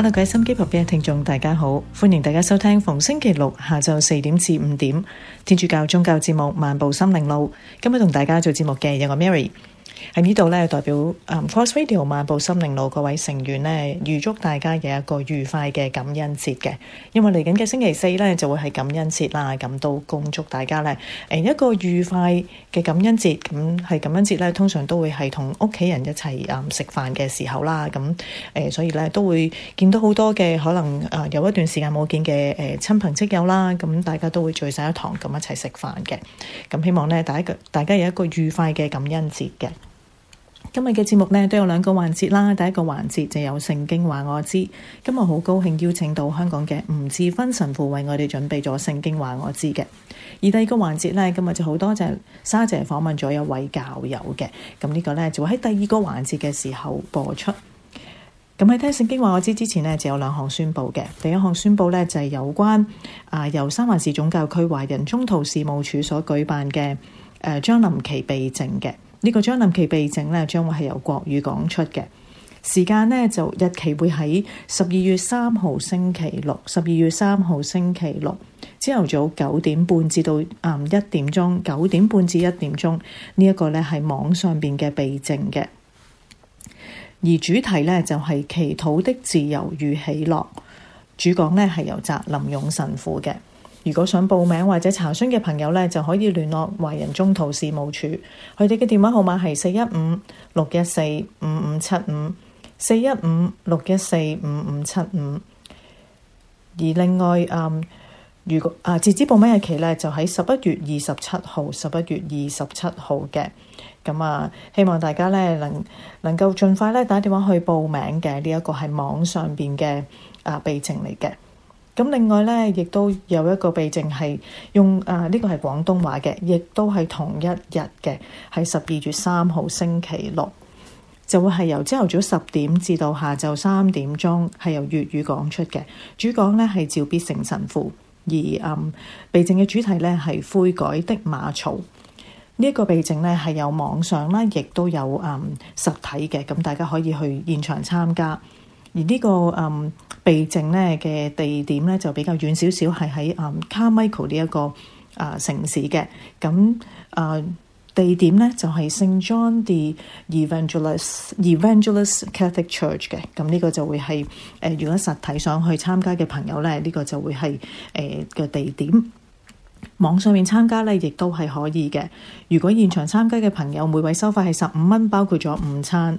hello，各位心機台嘅聽眾，大家好，歡迎大家收聽逢星期六下晝四點至五點天主教宗教節目《漫步心靈路》。今日同大家做節目嘅有我 Mary。喺呢度咧，代表誒 Force Video 漫步心靈路各位成員咧，預祝大家有一個愉快嘅感恩節嘅。因為嚟緊嘅星期四咧，就會係感恩節啦，咁都恭祝大家咧誒一個愉快嘅感恩節。咁係感恩節咧，通常都會係同屋企人一齊誒食飯嘅時候啦。咁誒、呃，所以咧都會見到好多嘅可能誒有一段時間冇見嘅誒親朋戚友啦。咁大家都會聚晒一堂咁一齊食飯嘅。咁希望咧，大家大家有一個愉快嘅感恩節嘅。今日嘅節目呢都有兩個環節啦，第一個環節就有聖經話我知，今日好高興邀請到香港嘅吳智勳神父為我哋準備咗聖經話我知嘅。而第二個環節呢，今日就好多謝沙姐訪問咗一位教友嘅，咁、這、呢個呢，就會喺第二個環節嘅時候播出。咁喺聽聖經話我知之前呢，就有兩項宣布嘅，第一項宣布呢，就係、是、有關啊、呃、由三藩市總教區華人中途事務處所舉辦嘅誒將臨期避靜嘅。呢個將臨期避靜咧，將會係由國語講出嘅。時間呢，就日期會喺十二月三號星期六，十二月三號星期六朝頭早九點半至到誒一點鐘，九點半至一點鐘，呢一個呢係網上邊嘅避靜嘅，而主題呢就係、是、祈禱的自由與喜樂，主講呢係由澤林勇神父嘅。如果想報名或者查詢嘅朋友呢，就可以聯絡華人中途事務處，佢哋嘅電話號碼係四一五六一四五五七五四一五六一四五五七五。而另外，嗯，如果啊截止報名日期呢，就喺十一月二十七號，十一月二十七號嘅。咁啊，希望大家呢，能能夠盡快呢，打電話去報名嘅。呢一個係網上邊嘅啊備程嚟嘅。咁另外咧，亦都有一個避靜係用啊，呢、呃這個係廣東話嘅，亦都係同一日嘅，喺十二月三號星期六，就會係由朝頭早十點至到下晝三點鐘，係由粵語講出嘅。主講咧係趙必成神父，而嗯避靜嘅主題咧係悔改的馬槽。這個、秘呢一個避靜咧係有網上啦，亦都有嗯實體嘅，咁、嗯、大家可以去現場參加。而呢、這個嗯避靜咧嘅地點咧就比較遠少少，係喺嗯 Carmichael 呢一個啊、呃、城市嘅。咁啊、呃、地點咧就係、是、聖 John the Evangelist Evangelist Catholic Church 嘅。咁呢個就會係誒，如、呃、果實體上去參加嘅朋友咧，呢、這個就會係誒嘅地點。網上面參加咧，亦都係可以嘅。如果現場參加嘅朋友，每位收費係十五蚊，包括咗午餐。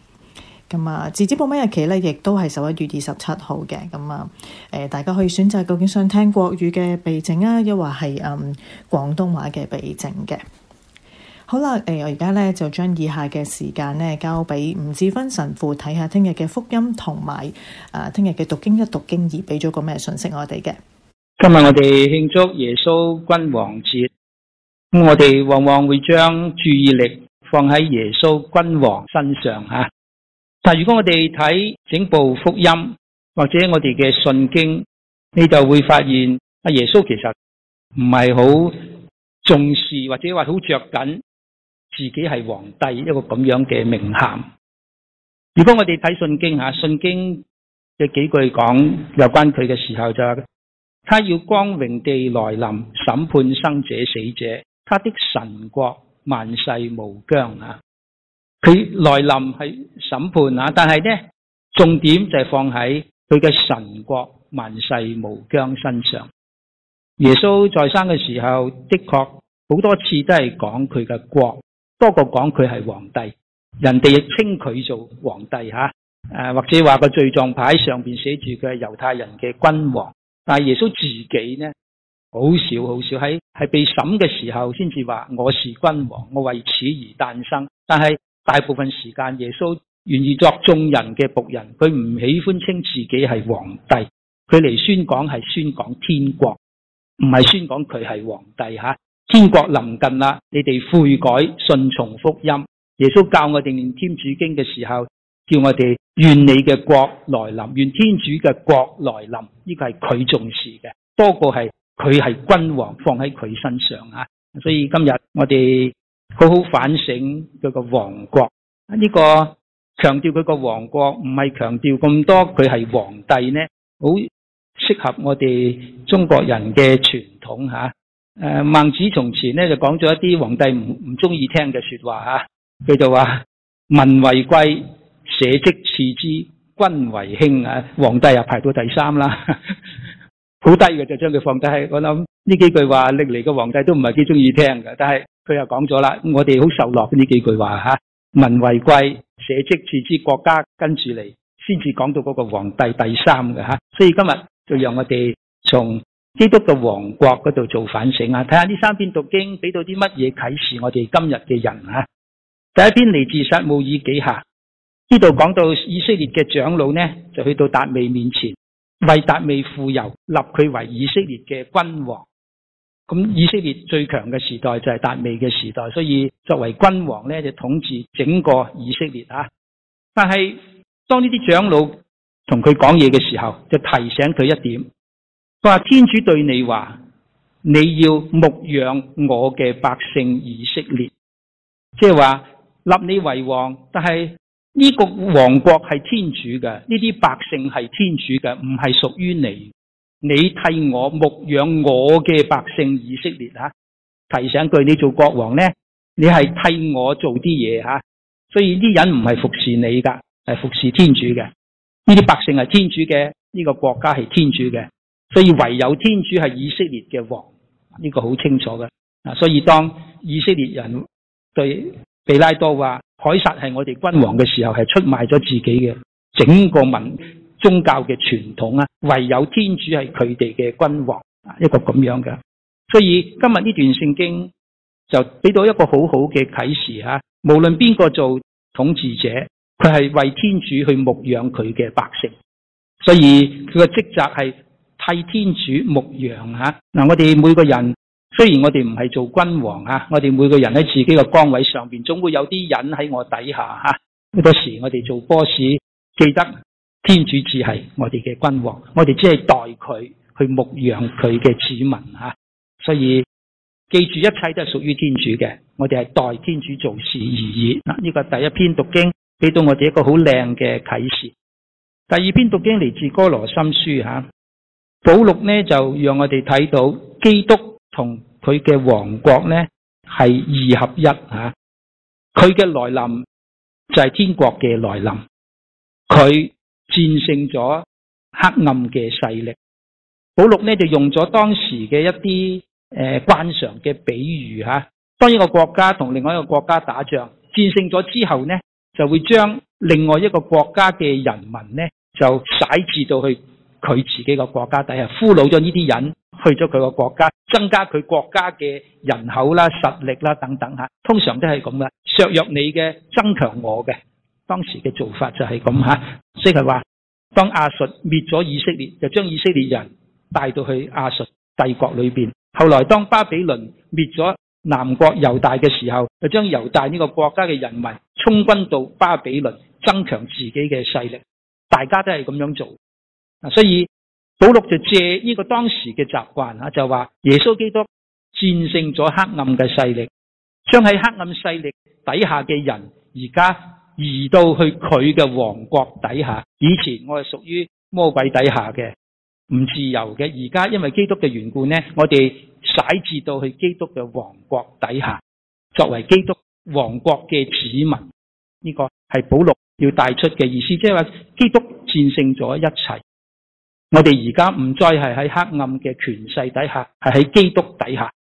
咁啊，截止報名日期咧，亦都係十一月二十七號嘅。咁啊，誒、呃，大家可以選擇究竟想聽國語嘅避靜啊，抑或係誒廣東話嘅避靜嘅。好啦，誒、呃，我而家咧就將以下嘅時間咧交俾吳志芬神父睇下，聽日嘅福音同埋誒，聽日嘅讀經一讀經二，俾咗個咩信息我哋嘅。今日我哋慶祝耶穌君王節，咁我哋往往會將注意力放喺耶穌君王身上啊。但如果我哋睇整部福音或者我哋嘅信經，你就會發現阿耶穌其實唔係好重視或者話好着緊自己係皇帝一個咁樣嘅名銜。如果我哋睇信經吓，信經嘅幾句講有關佢嘅時候就是，話，他要光榮地來臨審判生者死者，他的神國萬世無疆啊。佢來臨係審判啊，但係咧重點就係放喺佢嘅神國萬世無疆身上。耶穌在生嘅時候，的確好多次都係講佢嘅國，多過講佢係皇帝。人哋亦稱佢做皇帝吓，誒、啊、或者話個罪狀牌上邊寫住佢係猶太人嘅君王。但係耶穌自己呢，好少好少喺係被審嘅時候先至話我是君王，我為此而誕生。但係。大部分時間耶穌願意作眾人嘅僕人，佢唔喜歡稱自己係皇帝，佢嚟宣講係宣講天國，唔係宣講佢係皇帝吓。天國臨近啦，你哋悔改順從福音。耶穌教我哋念天主經嘅時候，叫我哋願你嘅國來臨，願天主嘅國來臨。呢個係佢重視嘅，多過係佢係君王放喺佢身上啊。所以今日我哋。好好反省佢個王國，呢、這個強調佢個王國，唔係強調咁多佢係皇帝呢，好適合我哋中國人嘅傳統吓。誒、啊，孟子從前呢就講咗一啲皇帝唔唔中意聽嘅，啊，說話吓，佢就話民為貴，社稷次之，君為輕啊！皇帝又，啊，排到第三啦，好低嘅就將佢放低。我諗呢幾句話歷嚟個皇帝都唔係幾中意聽嘅，但係。佢又講咗啦，我哋好受落呢幾句話吓，民為貴，社稷次之，國家跟住嚟，先至講到嗰個皇帝第三嘅吓。所以今日就讓我哋從基督嘅王國嗰度做反省啊，睇下呢三篇讀經俾到啲乜嘢啟示我哋今日嘅人啊。第一篇嚟自撒母耳記下，呢度講到以色列嘅長老呢，就去到達味面前，為達味傅油立佢為以色列嘅君王。咁以色列最強嘅時代就係達味嘅時代，所以作為君王咧就統治整個以色列啊。但係當呢啲長老同佢講嘢嘅時候，就提醒佢一點，佢話天主對你話，你要牧養我嘅百姓以色列，即係話立你為王。但係呢個王國係天主嘅，呢啲百姓係天主嘅，唔係屬於你。你替我牧養我嘅百姓以色列吓、啊，提醒句，你做國王咧，你係替我做啲嘢吓，所以啲人唔係服侍你噶，係服侍天主嘅。呢啲百姓係天主嘅，呢、這個國家係天主嘅，所以唯有天主係以色列嘅王，呢、這個好清楚嘅。嗱，所以當以色列人對比拉多話凱撒係我哋君王嘅時候，係出賣咗自己嘅整個民。宗教嘅傳統啊，唯有天主係佢哋嘅君王啊，一個咁樣嘅。所以今日呢段聖經就俾到一個好好嘅啟示吓，無論邊個做統治者，佢係為天主去牧養佢嘅百姓，所以佢嘅職責係替天主牧羊吓。嗱、啊，我哋每個人雖然我哋唔係做君王啊，我哋每個人喺自己個崗位上邊，總會有啲人喺我底下吓。好多時我哋做 boss 記得。天主只係我哋嘅君王，我哋只係代佢去牧養佢嘅子民吓。所以記住，一切都係屬於天主嘅，我哋係代天主做事而已。嗱，呢個第一篇讀經俾到我哋一個好靚嘅啟示。第二篇讀經嚟自《哥羅心書》吓，保祿呢就讓我哋睇到基督同佢嘅王國呢係二合一吓，佢嘅來臨就係天國嘅來臨，佢。戰勝咗黑暗嘅勢力，保祿咧就用咗當時嘅一啲誒慣常嘅比喻吓。當一個國家同另外一個國家打仗，戰勝咗之後咧，就會將另外一個國家嘅人民咧就徙置到去佢自己個國家底下，俘虜咗呢啲人去咗佢個國家，增加佢國家嘅人口啦、實力啦等等吓。通常都係咁嘅，削弱你嘅，增強我嘅。當時嘅做法就係咁吓，即係話當亞述滅咗以色列，就將以色列人帶到去亞述帝國裏邊。後來當巴比倫滅咗南國猶大嘅時候，就將猶大呢個國家嘅人民充軍到巴比倫，增強自己嘅勢力。大家都係咁樣做，所以保祿就借呢個當時嘅習慣吓，就話耶穌基督戰勝咗黑暗嘅勢力，將喺黑暗勢力底下嘅人而家。移到去佢嘅王國底下。以前我係屬於魔鬼底下嘅，唔自由嘅。而家因為基督嘅緣故咧，我哋使至到去基督嘅王國底下，作為基督王國嘅子民。呢、這個係保禄要帶出嘅意思，即係話基督戰勝咗一切，我哋而家唔再係喺黑暗嘅權勢底下，係喺基督底下。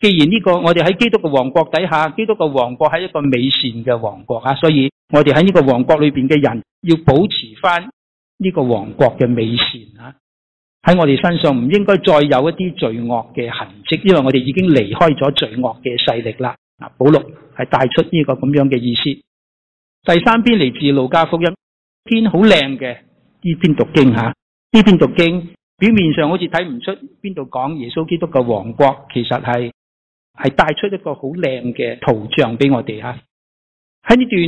既然呢個我哋喺基督嘅王國底下，基督嘅王國係一個美善嘅王國啊，所以我哋喺呢個王國裏邊嘅人要保持翻呢個王國嘅美善啊。喺我哋身上唔應該再有一啲罪惡嘅痕跡，因為我哋已經離開咗罪惡嘅勢力啦。啊，保祿係帶出呢個咁樣嘅意思。第三篇嚟自路加福音，篇好靚嘅呢篇讀經吓，呢篇讀經表面上好似睇唔出邊度講耶穌基督嘅王國，其實係。係帶出一個好靚嘅圖像俾我哋吓！喺呢段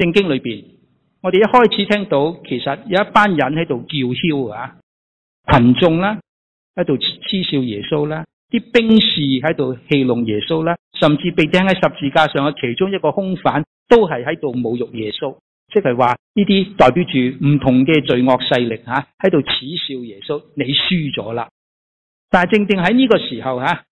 聖經裏邊，我哋一開始聽到，其實有一班人喺度叫囂啊，群眾啦喺度恥笑耶穌啦，啲兵士喺度戲弄耶穌啦，甚至被釘喺十字架上嘅其中一個凶犯都係喺度侮辱耶穌，即係話呢啲代表住唔同嘅罪惡勢力吓，喺度恥笑耶穌，你輸咗啦！但係正正喺呢個時候吓。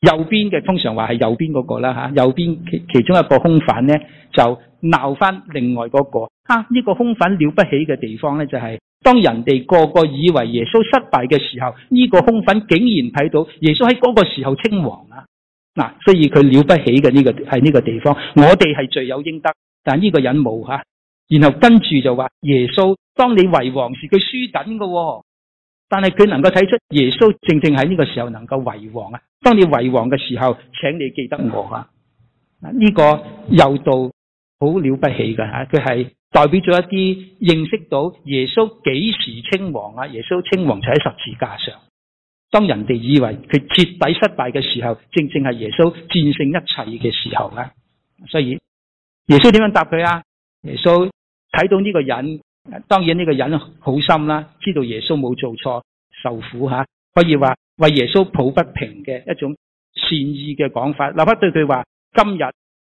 右邊嘅通常話係右邊嗰個啦吓，右邊其，其中一個空犯咧就鬧翻另外嗰個。啊，呢個空犯了不起嘅地方咧就係，當人哋個個以為耶穌失敗嘅時候，呢個空犯竟然睇到耶穌喺嗰個時候稱王啦。嗱，所以佢了不起嘅呢個係呢個地方。我哋係罪有應得，但呢個人冇吓啊。然後跟住就話耶穌，當你為王時，佢輸緊噶喎。但係佢能夠睇出耶穌正正喺呢個時候能夠為王啊！當你為王嘅時候，請你記得我啊！呢、這個右盜好了不起㗎吓，佢係代表咗一啲認識到耶穌幾時稱王啊？耶穌稱王就喺十字架上。當人哋以為佢徹底失敗嘅時候，正正係耶穌戰勝一切嘅時候啊。所以耶穌點樣答佢啊？耶穌睇到呢個人。當然呢個人好心啦，知道耶穌冇做錯受苦吓，可以話為耶穌抱不平嘅一種善意嘅講法。立刻對佢話：今日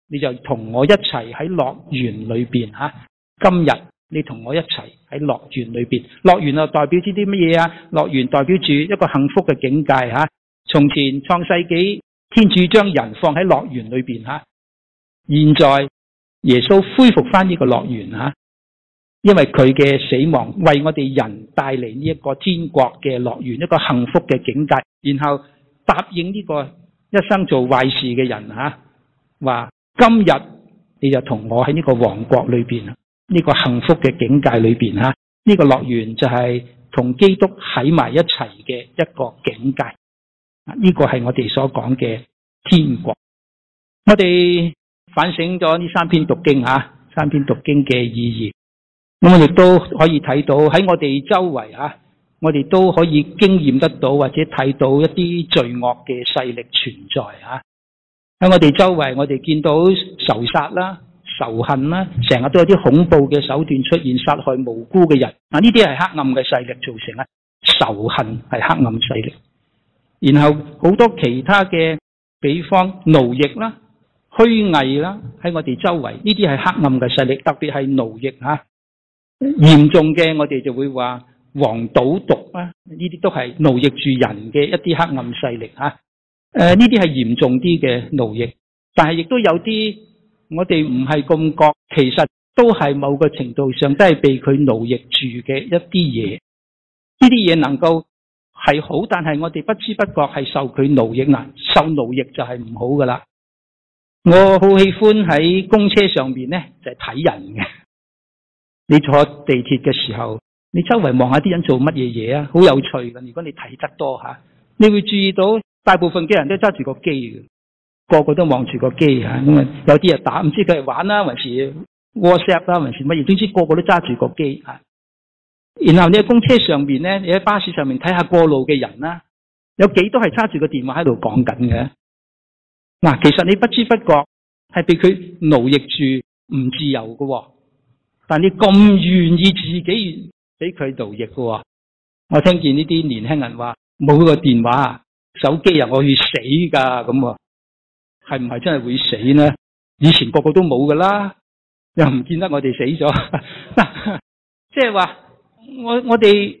你就同我一齊喺樂園裏邊吓。今日你同我一齊喺樂園裏邊，樂園啊代表啲啲乜嘢啊？樂園代表住一個幸福嘅境界吓。從前創世紀，天主將人放喺樂園裏邊吓，現在耶穌恢復返呢個樂園吓。因為佢嘅死亡，為我哋人帶嚟呢一個天國嘅樂園，一個幸福嘅境界。然後答應呢個一生做壞事嘅人啊，話今日你就同我喺呢個王國裏邊，呢個幸福嘅境界裏邊啊，呢個樂園就係同基督喺埋一齊嘅一個境界。呢個係我哋所講嘅天國。我哋反省咗呢三篇讀經啊，三篇讀經嘅意義。咁我亦都可以睇到喺我哋周圍吓、啊，我哋都可以經驗得到或者睇到一啲罪惡嘅勢力存在吓、啊。喺我哋周圍，我哋見到仇殺啦、啊、仇恨啦、啊，成日都有啲恐怖嘅手段出現，殺害無辜嘅人。嗱、啊，呢啲係黑暗嘅勢力造成啊。仇恨係黑暗勢力，然後好多其他嘅，比方奴役啦、啊、虛偽啦，喺我哋周圍呢啲係黑暗嘅勢力，特別係奴役吓、啊。嚴重嘅，我哋就會話黃賭毒啊！呢啲都係奴役住人嘅一啲黑暗勢力吓。誒，呢啲係嚴重啲嘅奴役，但係亦都有啲我哋唔係咁覺，其實都係某個程度上都係被佢奴役住嘅一啲嘢。呢啲嘢能夠係好，但係我哋不知不覺係受佢奴役啊！受奴役就係唔好噶啦。我好喜歡喺公車上邊咧，就係睇人嘅。你坐地鐵嘅時候，你周圍望下啲人做乜嘢嘢啊？好有趣噶！如果你睇得多吓，你會注意到大部分嘅人都揸住個機，個個都望住個機吓。咁啊，有啲人打，唔知佢係玩啦，還是 WhatsApp 啦，還是乜嘢？總之個個都揸住個機吓。然後你喺公車上邊咧，你喺巴士上面睇下過路嘅人啦，有幾多係揸住個電話喺度講緊嘅？嗱，其實你不知不覺係被佢奴役住，唔自由噶。但你咁願意自己俾佢奴役嘅喎、哦？我聽見呢啲年輕人話冇個電話、手機啊，我去死㗎咁喎，係唔係真係會死呢？以前個個都冇㗎啦，又唔見得我哋死咗，即係話我我哋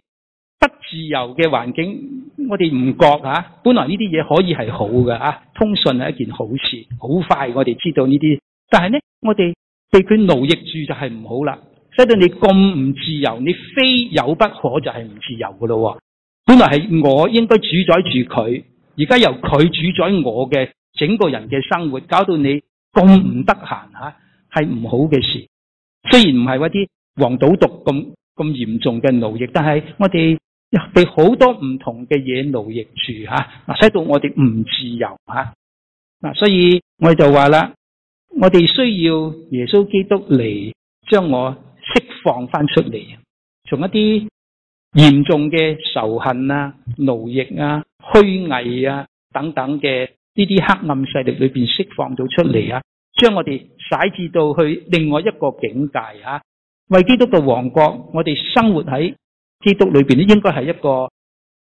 不自由嘅環境，我哋唔覺嚇。本來呢啲嘢可以係好嘅嚇，通訊係一件好事，好快我哋知道呢啲，但係呢，我哋。被佢奴役住就係唔好啦，使到你咁唔自由，你非有不可就係唔自由噶咯。本來係我應該主宰住佢，而家由佢主宰我嘅整個人嘅生活，搞到你咁唔得閒吓，係唔好嘅事。雖然唔係嗰啲黃賭毒咁咁嚴重嘅奴役，但係我哋被好多唔同嘅嘢奴役住吓，嗱，使到我哋唔自由吓，嗱，所以我哋就話啦。我哋需要耶穌基督嚟將我釋放翻出嚟，從一啲嚴重嘅仇恨啊、奴役啊、虛偽啊等等嘅呢啲黑暗勢力裏邊釋放咗出嚟啊，將我哋洗至到去另外一個境界啊。為基督嘅王國，我哋生活喺基督裏邊咧，應該係一個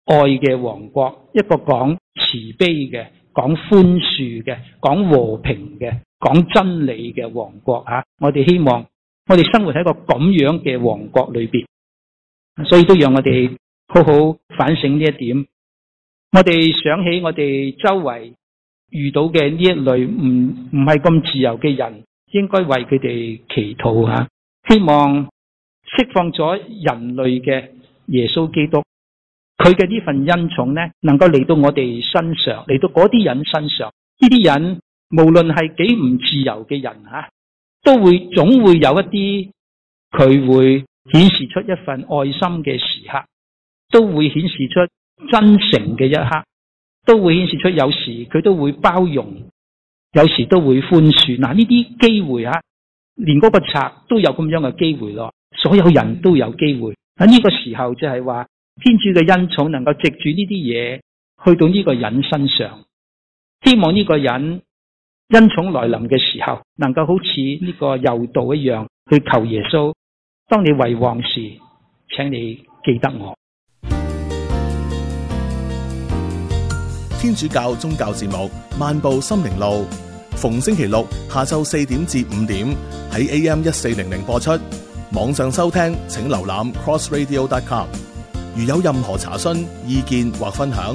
愛嘅王國，一個講慈悲嘅、講寬恕嘅、講和平嘅。講真理嘅王國吓、啊，我哋希望我哋生活喺一個咁樣嘅王國裏邊，所以都讓我哋好好反省呢一點。我哋想起我哋周圍遇到嘅呢一類唔唔係咁自由嘅人，應該為佢哋祈禱吓、啊，希望釋放咗人類嘅耶穌基督，佢嘅呢份恩寵呢，能夠嚟到我哋身上，嚟到嗰啲人身上，呢啲人。無論係幾唔自由嘅人吓，都會總會有一啲佢會顯示出一份愛心嘅時刻，都會顯示出真誠嘅一刻，都會顯示出有時佢都會包容，有時都會寬恕。嗱，呢啲機會吓，連嗰個賊都有咁樣嘅機會咯，所有人都有機會喺呢個時候，就係話，天主嘅恩寵能夠藉住呢啲嘢去到呢個人身上，希望呢個人。恩寵來臨嘅時候，能夠好似呢個右盜一樣去求耶穌。當你為王時，請你記得我。天主教宗教節目《漫步心靈路》，逢星期六下晝四點至五點喺 AM 一四零零播出。網上收聽，請瀏覽 crossradio.com。如有任何查詢、意見或分享，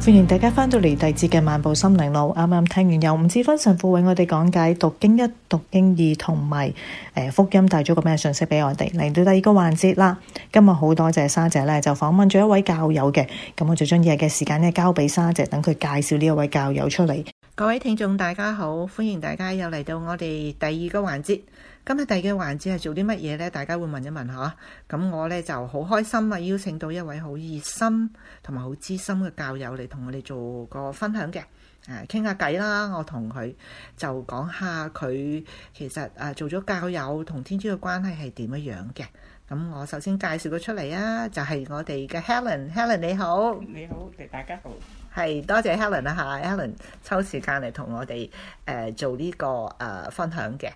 歡迎大家返到嚟第二節嘅漫步心靈路。啱啱、啊、聽完由吳志芬神父為我哋講解讀經一、讀經二，同埋誒福音帶咗個咩信息畀我哋。嚟到第二個環節啦，今日好多謝沙姐咧，就訪問咗一位教友嘅。咁、嗯、我最中意嘅時間咧，交俾沙姐，等佢介紹呢一位教友出嚟。各位聽眾大家好，歡迎大家又嚟到我哋第二個環節。今日第二個環節係做啲乜嘢呢？大家會問一問嚇。咁、啊、我呢就好開心啊，邀請到一位好熱心同埋好知心嘅教友嚟同我哋做個分享嘅誒傾下偈啦。我同佢就講下佢其實誒做咗教友同天主嘅關係係點樣樣嘅。咁、啊、我首先介紹佢出嚟啊，就係、是、我哋嘅 Helen。Helen 你好，你好，大家好，係多謝 Helen 啊，嚇 Helen 抽時間嚟同我哋誒、呃、做呢、這個誒、呃、分享嘅。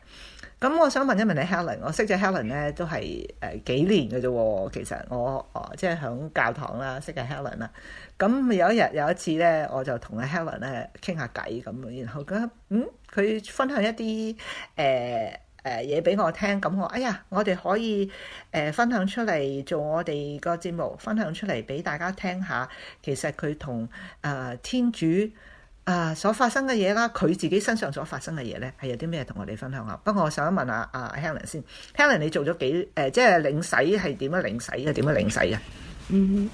咁我想問一問你 Helen，我識咗 Helen 咧都係誒幾年嘅啫喎，其實我哦即係響教堂啦，識嘅 Helen 啦。咁有一日有一次咧，我就同阿 Helen 咧傾下偈咁，然後佢嗯，佢分享一啲誒誒嘢俾我聽，咁我哎呀，我哋可以誒分享出嚟做我哋個節目，分享出嚟俾大家聽下。其實佢同誒天主。誒、啊、所發生嘅嘢啦，佢自己身上所發生嘅嘢咧，係有啲咩同我哋分享啊？不過我想問下阿、啊、Helen 先，Helen 你做咗幾誒、呃？即係領洗係點樣領洗嘅？點樣領洗嘅？嗯，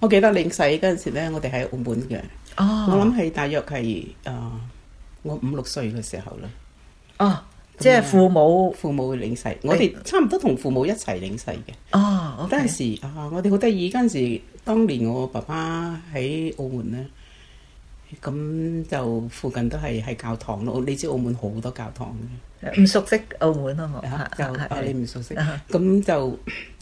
我記得領洗嗰陣時咧，我哋喺澳門嘅。哦，我諗係大約係啊，我五六歲嘅時候啦。哦，即係父母父母領洗，我哋差唔多同父母一齊領洗嘅。哦、哎，嗰陣時啊，我哋好得意，嗰陣時當年我爸爸喺澳門咧。咁就附近都係係教堂咯，你知澳門好多教堂嘅。唔熟悉澳門啊。啊嘛就你唔熟悉。咁就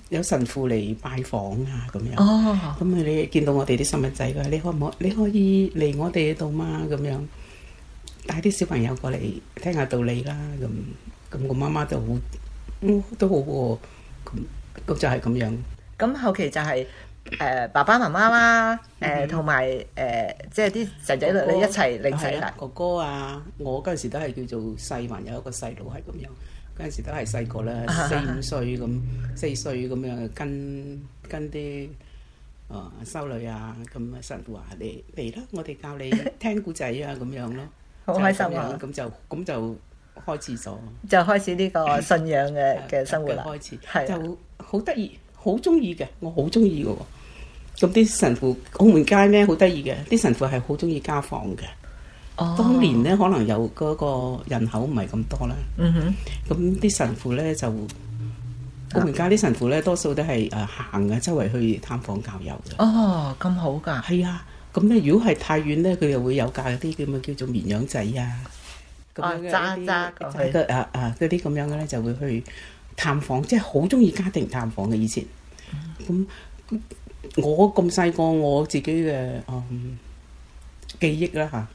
有神父嚟拜訪、哦、啊，咁樣媽媽。哦。咁佢你見到我哋啲細蚊仔㗎，你可唔可以可以嚟我哋度嗎？咁樣帶啲小朋友過嚟聽下道理啦。咁咁我媽媽就好，都好喎。咁咁就係咁樣。咁、啊、 後期就係、是。誒爸爸媽媽啦，誒同埋誒即係啲仔仔女女一齊領洗啊！哥哥啊，我嗰陣時都係叫做細，還有一個細佬係咁樣。嗰陣時都係細個啦，四五歲咁，四歲咁樣跟跟啲啊，修女啊咁啊，神父話你嚟啦！我哋教你聽古仔啊，咁樣咯，好開心啊！咁就咁就開始咗，就開始呢個信仰嘅嘅生活啦，開始係就好得意，好中意嘅，我好中意嘅喎。咁啲神父澳門街咧，好得意嘅。啲神父係好中意家訪嘅。哦，當年咧可能有嗰個人口唔係咁多啦。嗯哼，咁啲神父咧就澳門街啲神父咧，多數都係誒行嘅，周圍去探訪教友嘅。哦，咁好噶。係啊，咁咧如果係太遠咧，佢又會有架啲叫咩叫做綿羊仔啊。哦，揸揸揸得啊啊！啲咁樣咧、啊啊、就會去探訪，即係好中意家庭探訪嘅以前。咁、嗯。嗯。我咁細個，我自己嘅誒記憶啦嚇，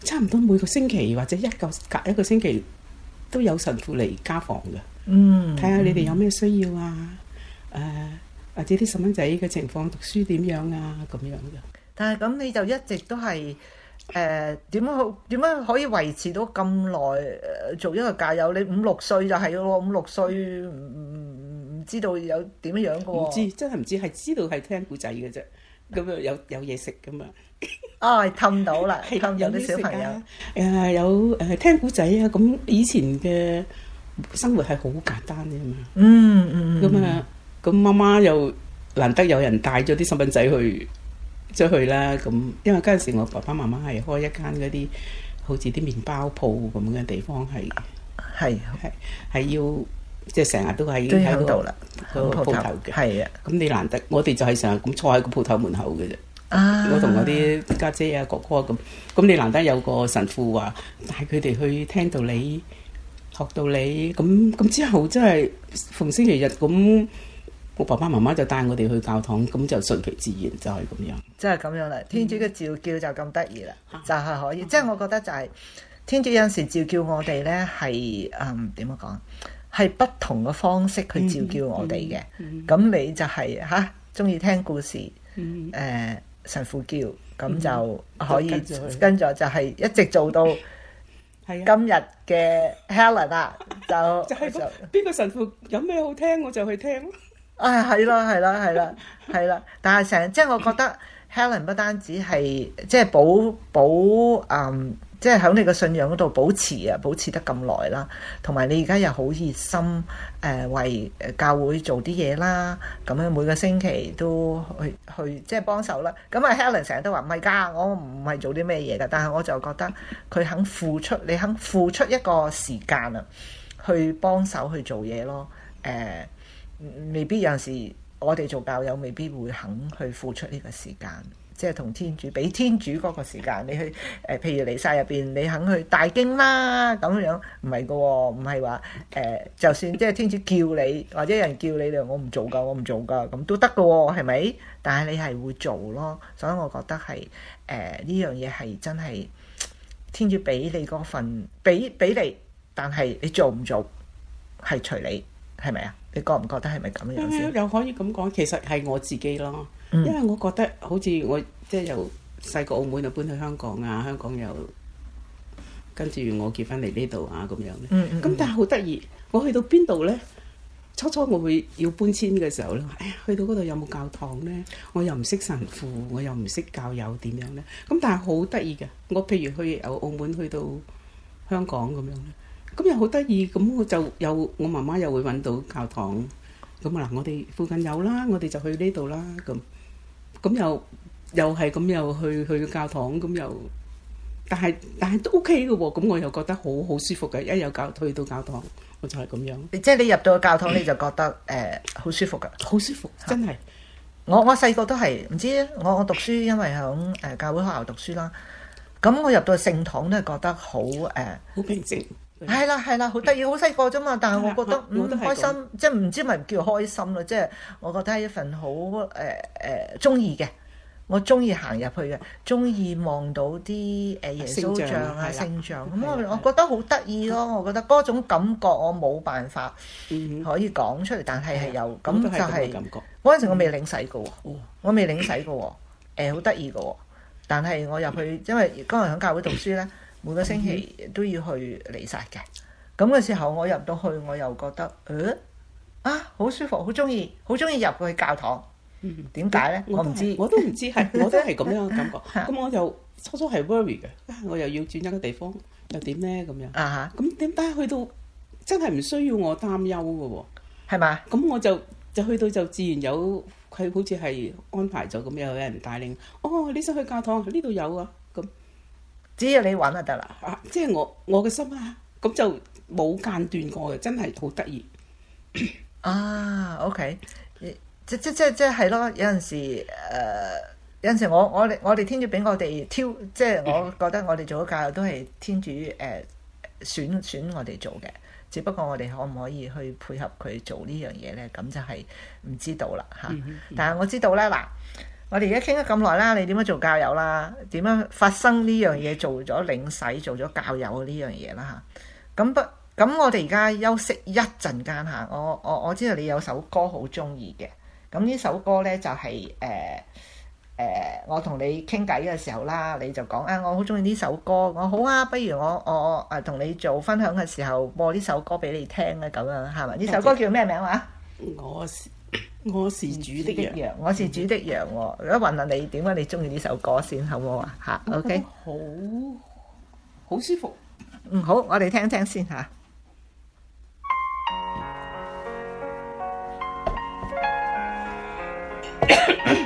差唔多每個星期或者一個隔一個星期都有神父嚟家訪嘅，嗯，睇下你哋有咩需要啊，誒或者啲細蚊仔嘅情況讀書點樣啊咁樣嘅。但係咁你就一直都係誒點樣點樣可以維持到咁耐做一個教友？你五六歲就係咯，五六歲唔～知道有點樣嘅唔知，真係唔知，係知道係聽古仔嘅啫。咁啊，有有嘢食噶嘛？哦，氹到啦！有啲 是小朋友誒、啊，有誒聽古仔啊！咁以前嘅生活係好簡單嘅嘛。嗯嗯，咁啊，咁媽媽又難得有人帶咗啲細蚊仔去出去啦。咁因為嗰陣時我爸爸媽媽係開一間嗰啲好似啲麵包鋪咁嘅地方係係係係要。即係成日都喺喺度啦，個鋪頭嘅。係啊，咁你難得，我哋就係成日咁坐喺個鋪頭門口嘅啫。啊！我同我啲家姐啊、哥哥啊咁，咁你難得有個神父話帶佢哋去聽到你學到你，咁咁之後即係逢星期日咁，我爸爸媽媽就帶我哋去教堂，咁就順其自然就係咁樣。即係咁樣啦，天主嘅召叫就咁得意啦，就係可以。即係我覺得就係天主有陣時召叫我哋咧，係誒點樣講？係不同嘅方式去召叫我哋嘅，咁你就係吓，中意聽故事，誒、神父叫咁就可以跟住，就係一直做到今日嘅 Helen 啦，就就係邊個神父有咩好聽我就去聽啊，係啦，係啦，係啦，係啦，但係成日，即係我覺得 Helen 不單止係即係保保即係喺你個信仰嗰度保持啊，保持得咁耐啦，同埋你而家又好熱心，誒、呃、為教會做啲嘢啦，咁樣每個星期都去去即係幫手啦。咁啊，Helen 成日都話唔係㗎，我唔係做啲咩嘢㗎，但係我就覺得佢肯付出，你肯付出一個時間啊，去幫手去做嘢咯。誒、呃，未必有陣時我哋做教友未必會肯去付出呢個時間。即係同天主俾天主嗰個時間，你去誒，譬如嚟晒入邊，你肯去大驚啦咁樣，唔係噶喎，唔係話誒，就算即係天主叫你或者有人叫你咧，我唔做噶，我唔做噶，咁都得噶喎，係咪？但係你係會做咯，所以我覺得係誒呢樣嘢係真係天主俾你嗰份俾俾你，但係你做唔做係隨你，係咪啊？你覺唔覺得係咪咁樣先？又、哎、可以咁講，其實係我自己咯。因為我覺得好似我即係由細個澳門就搬去香港啊，香港又跟住我結婚嚟呢度啊咁樣。咁、嗯嗯、但係好得意，我去到邊度呢？初初我會要搬遷嘅時候咧，哎，去到嗰度有冇教堂呢？我又唔識神父，我又唔識教友點樣呢？咁但係好得意嘅，我譬如去澳門去到香港咁樣呢，咁又好得意。咁我就有，我媽媽又會揾到教堂。咁啊嗱，我哋附近有啦，我哋就去呢度啦咁。咁、嗯、又又係咁又去去教堂咁又，但係但係都 O K 嘅喎，咁我又覺得好好舒服嘅，一有教去到教堂我就係咁樣。即係你入到教堂你就覺得誒好、 呃、舒服噶，好舒服，真係。我我細個都係，唔知我我讀書因為響誒教會學校讀書啦，咁我入到聖堂都係覺得好誒，好、呃、平靜。係啦係啦，好得意，好細個啫嘛。但係我覺得唔開心，即係唔知係咪叫開心咯。即係我覺得係一份好誒誒中意嘅，我中意行入去嘅，中意望到啲誒耶穌像啊聖像咁。我我覺得好得意咯。我覺得嗰種感覺我冇辦法可以講出嚟，但係係有咁就係嗰陣時我未領洗過喎，我未領洗過喎，好得意嘅喎。但係我入去，因為嗰陣喺教會讀書咧。每個星期都要去嚟晒嘅。咁嘅時候我入到去，我又覺得，誒啊好、啊、舒服，好中意，好中意入去教堂。點解咧？我唔知，我都唔知係， 我都係咁樣感覺。咁 我又初初係 worry 嘅，我又要轉一個地方，又點咧？咁樣啊，咁點解去到真係唔需要我擔憂嘅喎？係嘛？咁我就就去到就自然有佢好似係安排咗咁，有人帶領。哦，你想去教堂？呢度有啊。只要你玩就得啦，啊，即係我我嘅心啊，咁就冇間斷過嘅，真係好得意啊！OK，即即即即係咯，有陣時誒、呃，有陣時我我我哋天主俾我哋挑，即係我覺得我哋做咗教育都係天主誒、呃、選選我哋做嘅，只不過我哋可唔可以去配合佢做呢樣嘢咧？咁就係唔知道啦嚇、啊，但係我知道咧嗱。 我哋而家傾咗咁耐啦，你點樣做教友啦？點樣發生呢樣嘢？做咗領洗，做咗教友呢樣嘢啦嚇。咁不咁，我哋而家休息一陣間嚇。我我我知道你有首歌好中意嘅。咁呢首歌呢，就係誒誒，我同你傾偈嘅時候啦，你就講啊，我好中意呢首歌。我好啊，不如我我誒同你做分享嘅時候播呢首歌俾你聽咧、啊、咁樣係咪？呢首歌叫咩名話？我。我是主的羊，嗯、的羊，我是主的羊。哦。如果、mm hmm. 問下你，點解你中意呢首歌先，好唔好啊？吓、嗯、，OK。好，好舒服。嗯，好，我哋聽聽先吓。啊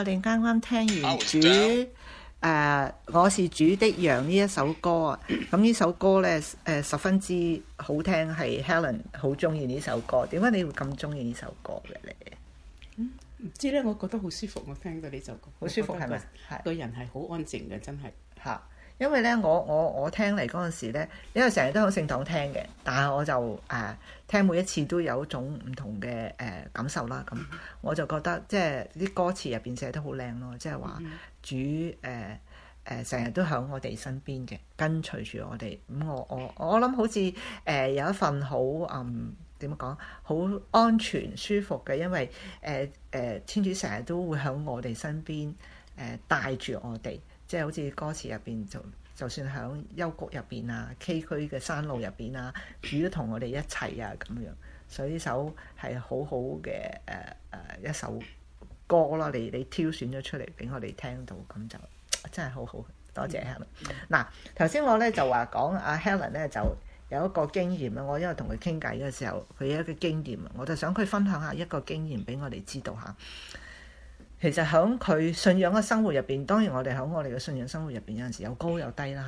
我哋啱啱聽完主，誒、呃，我是主的羊呢一首歌啊，咁呢首歌咧，誒、呃，十分之好聽，係 Helen 好中意呢首歌。點解你會咁中意呢首歌嘅咧？唔、嗯、知咧，我覺得好舒服，我聽到呢首歌，好舒服係咪？係個人係好安靜嘅，真係吓。因為咧，我我我聽嚟嗰陣時咧，因為成日都響聖堂聽嘅，但係我就誒、啊、聽每一次都有種唔同嘅誒感受啦。咁我就覺得即係啲歌詞入邊寫得好靚咯，即係話主誒誒成日都響我哋身邊嘅，跟隨住我哋。咁、嗯、我我我諗好似誒有一份好啊點講？好、嗯、安全舒服嘅，因為誒誒、啊啊、天主成日都會響我哋身邊誒、啊、帶住我哋。即係好似歌詞入邊，就就算喺幽谷入邊啊、崎嶇嘅山路入邊啊，主都同我哋一齊啊咁樣。所以呢首係好好嘅誒誒一首歌啦。你你挑選咗出嚟俾我哋聽到，咁就真係好好，多謝 Helen。嗱、嗯，頭先、啊、我咧就話講阿 Helen 咧就有一個經驗啊。我因為同佢傾偈嘅時候，佢有一個經驗，我就想佢分享一下一個經驗俾我哋知道嚇。其實喺佢信仰嘅生活入邊，當然我哋喺我哋嘅信仰生活入邊，有陣時有高有低啦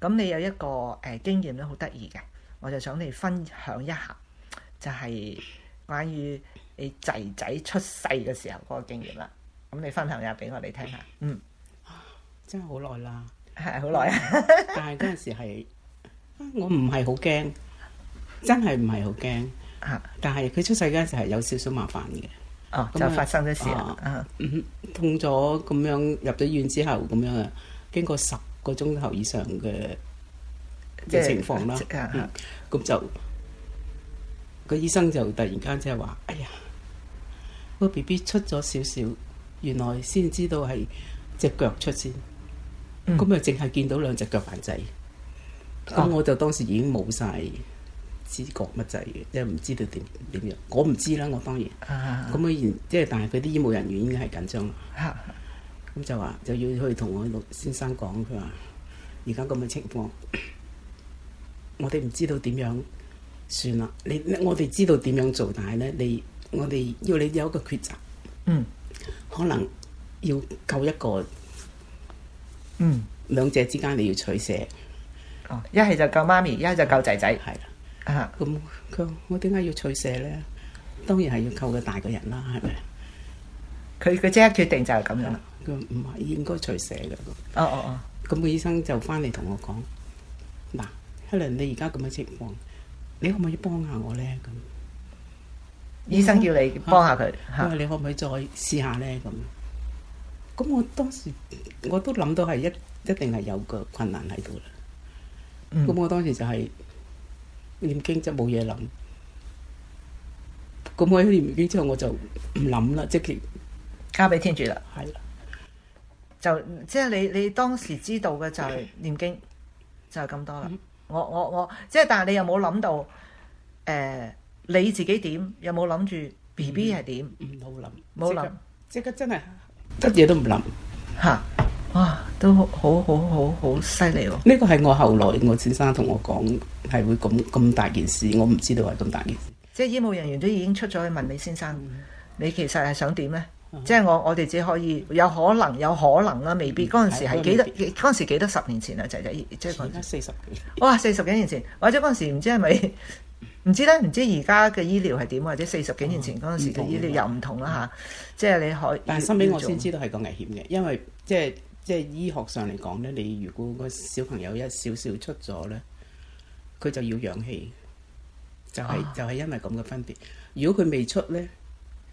吓。咁你有一個誒、呃、經驗咧，好得意嘅，我就想你分享一下，就係、是、關於你仔仔出世嘅時候嗰個經驗啦。咁你分享下俾我哋聽下。嗯，真係好耐啦。係好耐， 但係嗰陣時係，我唔係好驚，真係唔係好驚。吓的，但係佢出世嗰陣時係有少少麻煩嘅。啊，哦嗯、就發生咗事啊！嗯、啊，痛咗咁樣，入咗醫院之後咁樣啊，經過十個鐘頭以上嘅嘅情況啦，咁就個醫生就突然間即係話，哎呀，個 B B 出咗少少，原來先知道係隻腳出先，咁啊、嗯，淨係見到兩隻腳板仔，咁我就當時已經冇晒。嗯嗯知覺乜滯嘅，即係唔知道點點樣。我唔知啦，我當然。咁啊，然即係但係佢啲醫務人員已經係緊張啦。咁、啊、就話就要去同我老先生講，佢話而家咁嘅情況，我哋唔知道點樣算啦。你我哋知道點樣做，但係咧，你我哋要你有一個抉擇。嗯。可能要救一個。嗯。兩者之間你要取捨。哦、啊，一係就救媽咪，一係就救仔仔。係。咁佢、嗯、我點解要取捨咧？當然係要靠佢大個人啦，係咪？佢佢即刻決定就係咁樣。佢唔、嗯、應該取捨嘅。哦哦哦。咁個、嗯、醫生就翻嚟同我講：嗱，Helen，你而家咁嘅情況，你可唔可以幫下我咧？咁、嗯、醫生叫你幫下佢、嗯，你可唔可以再試下咧？咁、嗯、咁，我當時我都諗到係一一定係有個困難喺度啦。咁我當時就係。念經就冇嘢諗，咁我念完經之後我就唔諗啦，即係交俾天主啦，係啦的，就即係你你當時知道嘅就係念經的就係咁多啦、嗯，我我我即係但係你有冇諗到，誒、呃、你自己點，有冇諗住 B B 係點，嗯、唔好諗冇諗，即刻想真係乜嘢都唔諗，吓、啊。都好，好，好，好，犀利喎！呢個係我後來我先生同我講，係會咁咁大件事，我唔知道係咁大件事。即係醫務人員都已經出咗去問你先生，你其實係想點呢？即係我我哋只可以有可能有可能啦，未必嗰陣時係幾多？嗰陣時幾多？十年前啊，就係即係而家四十幾。哇，四十幾年前，或者嗰陣時唔知係咪唔知咧？唔知而家嘅醫療係點？或者四十幾年前嗰陣時嘅醫療又唔同啦吓。即係你可但係，後尾我先知道係個危險嘅，因為即係。即係醫學上嚟講咧，你如果個小朋友一少少出咗咧，佢就要氧氣，就係、是、就係、是、因為咁嘅分別。啊、如果佢未出咧，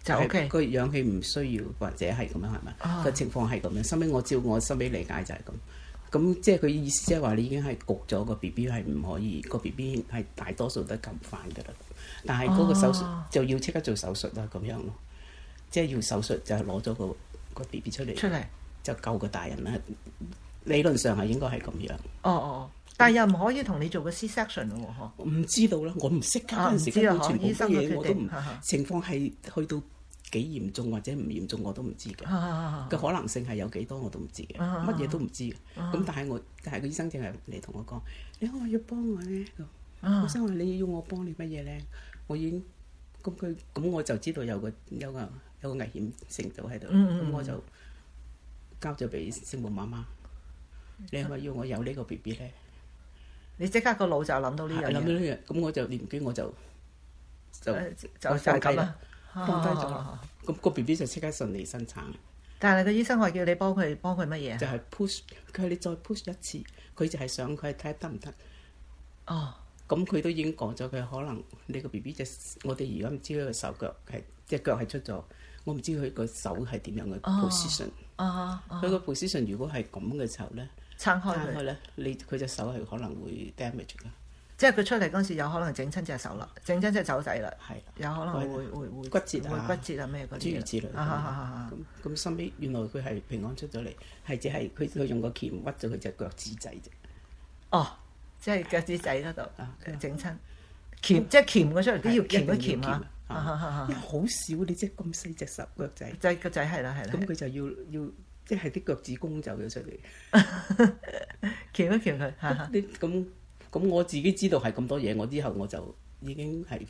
就係、是、佢氧氣唔需要，或者係咁樣係咪？個情況係咁樣。收尾、啊、我照我心理理解就係咁。咁即係佢意思即係話你已經係焗咗、個 B B 係唔可以，個 B B 係大多數都咁快噶啦。但係嗰個手術、啊、就要即刻做手術啦，咁、就是、樣咯。即係要手術就係攞咗個、個 B B 出嚟。出就救個大人啦，理論上係應該係咁樣。哦哦，但係又唔可以同你做個、C、section 喎，唔知道咧，我唔識㗎。唔知道，醫生嘅嘢我都唔。啊啊、情況係去到幾嚴重或者唔嚴重，我都唔知嘅。個、啊啊、可能性係有幾多，我都唔知嘅。乜嘢、啊啊、都唔知咁、啊、但係我，但係個醫生淨係嚟同我講：你可唔可以幫我咧？醫生話：你要我幫你乜嘢咧？我已經咁佢咁，我就知道有個有個有個危險性度喺度。咁我，我，我，我就。交咗俾聖母媽媽，你係咪要我有個寶寶呢個 B B 咧？你即刻個腦就諗到呢樣。諗到呢樣，咁我就念經，年我就就就放低啦，啊、放低咗啦。咁個 B B 就即刻順利生產。但係你個醫生話叫你幫佢幫佢乜嘢？就係 push，佢係你再 push 一次，佢就係想佢睇下得唔得。哦、啊。咁佢都已經講咗，佢可能你個 B B 就我哋而家唔知佢個手腳係即腳係出咗，我唔知佢個手係點樣嘅 position。啊啊啊！佢個 position 如果係咁嘅時候咧，撐開佢咧，你佢隻手係可能會 damage 㗎。即係佢出嚟嗰陣時，有可能整親隻手啦，整親隻手仔啦，係有可能會會會骨折啊、骨折啊咩嗰啲諸如此類。咁咁收尾原來佢係平安出咗嚟，係只係佢佢用個鉗屈咗佢隻腳趾仔啫。哦，即係腳趾仔嗰度啊，整親鉗，即係鉗佢出嚟都要鉗一鉗啊！啊！好少你即係咁細隻手腳仔，就係仔係啦係啦。咁佢就要要即係啲腳趾公走咗出嚟，翹一翹佢。嚇啲咁咁我自己知道係咁多嘢，我之後我就已經係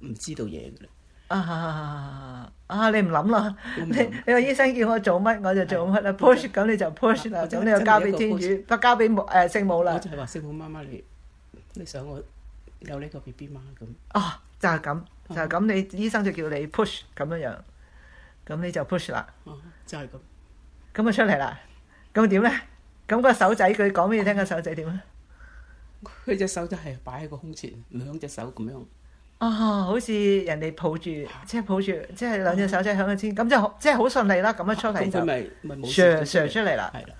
唔知道嘢嘅啦。啊，你唔諗啦，你你個醫生叫我做乜我就做乜啦。Push 咁你就 Push 啦，咁你又交俾天主，交俾木誒聖母啦。我就係話聖母媽媽，你你想我有呢個 B B 媽咁啊？就係咁。就咁，uh huh. 你醫生就叫你 push 咁樣樣，咁你就 push 啦。Uh huh. 就係咁。咁啊出嚟啦，咁點咧？咁個手仔佢講俾你聽，個手仔點咧？佢隻手就係擺喺個胸前，兩隻手咁樣。啊、uh，huh. 好似人哋抱住，即係抱住，即係兩隻手仔、uh huh. 即係喺個先，咁就即係好順利啦。咁樣出嚟就。咁咪咪冇。Huh. Sir, Sir 出嚟啦。係啦、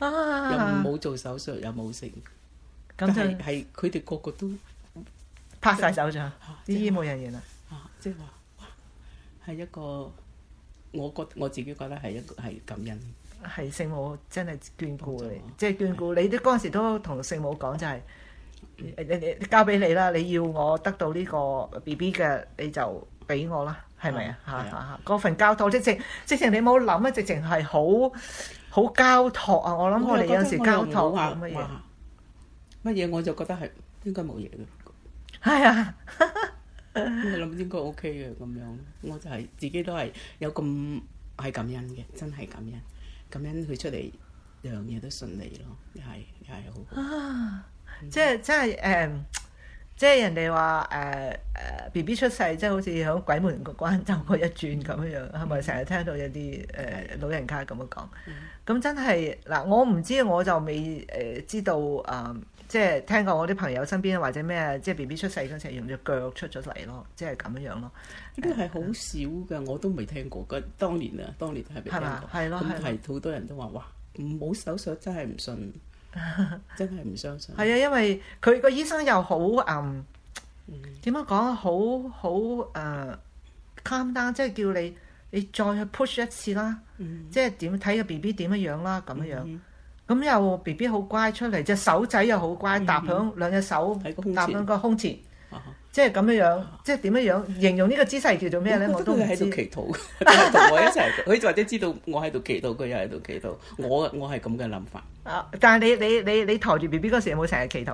啊 huh。又冇做手術，又冇成。咁就係佢哋個個都。拍晒手掌，啲醫務人員啊，即係話係一個，我覺我自己覺得係一個係感恩，係聖母真係眷顧你，即係眷顧你。啲嗰陣時都同聖母講就係，你你交俾你啦，你要我得到呢個 B B 嘅，你就俾我啦，係咪啊？嚇嚇，嗰份交託直情，直情你冇諗啊，直情係好好交託啊！我諗我哋有時交託乜嘢乜嘢，我就覺得係應該冇嘢㗎。係啊，咁我諗應該 OK 嘅咁樣，我就係、係、自己都係有咁係感恩嘅，真係感恩，感恩佢出嚟樣嘢都順利咯，係係好。即係即係誒，即係人哋話誒誒 B B 出世，即係、呃呃、好似喺鬼門關走過一轉咁樣樣，係咪成日聽到有啲誒老人家咁樣講？咁、嗯、真係嗱，我唔知我就未誒、呃呃、知道、嗯、啊。即係聽過我啲朋友身邊或者咩，即係 B B 出世嗰陣時用隻腳出咗嚟咯，即係咁樣樣咯。呢啲係好少嘅，uh, 我都未聽，聽過。嗰當年啊，當年係未聽過。係嘛是？係咯的，係。好多人都話：哇，唔好手術真係唔信， 真係唔相信。係啊， 因為佢個醫生又好誒，點樣講？好好誒，貪單，uh, down, 即係叫你你再去 push 一次啦。Mm hmm. 即係點睇個 B B 點樣樣啦？咁樣樣。咁又 B B 好乖出嚟，隻、嗯、手仔又好乖，搭響兩隻手，搭響個胸前，即係咁樣樣，啊、即係點樣樣形容呢個姿勢叫做咩咧？我都喺度祈禱，同我一齊佢或者知道我喺度祈禱，佢又喺度祈禱。我我係咁嘅諗法。啊！但係你你你你抬住 B B 嗰時有冇成日祈禱？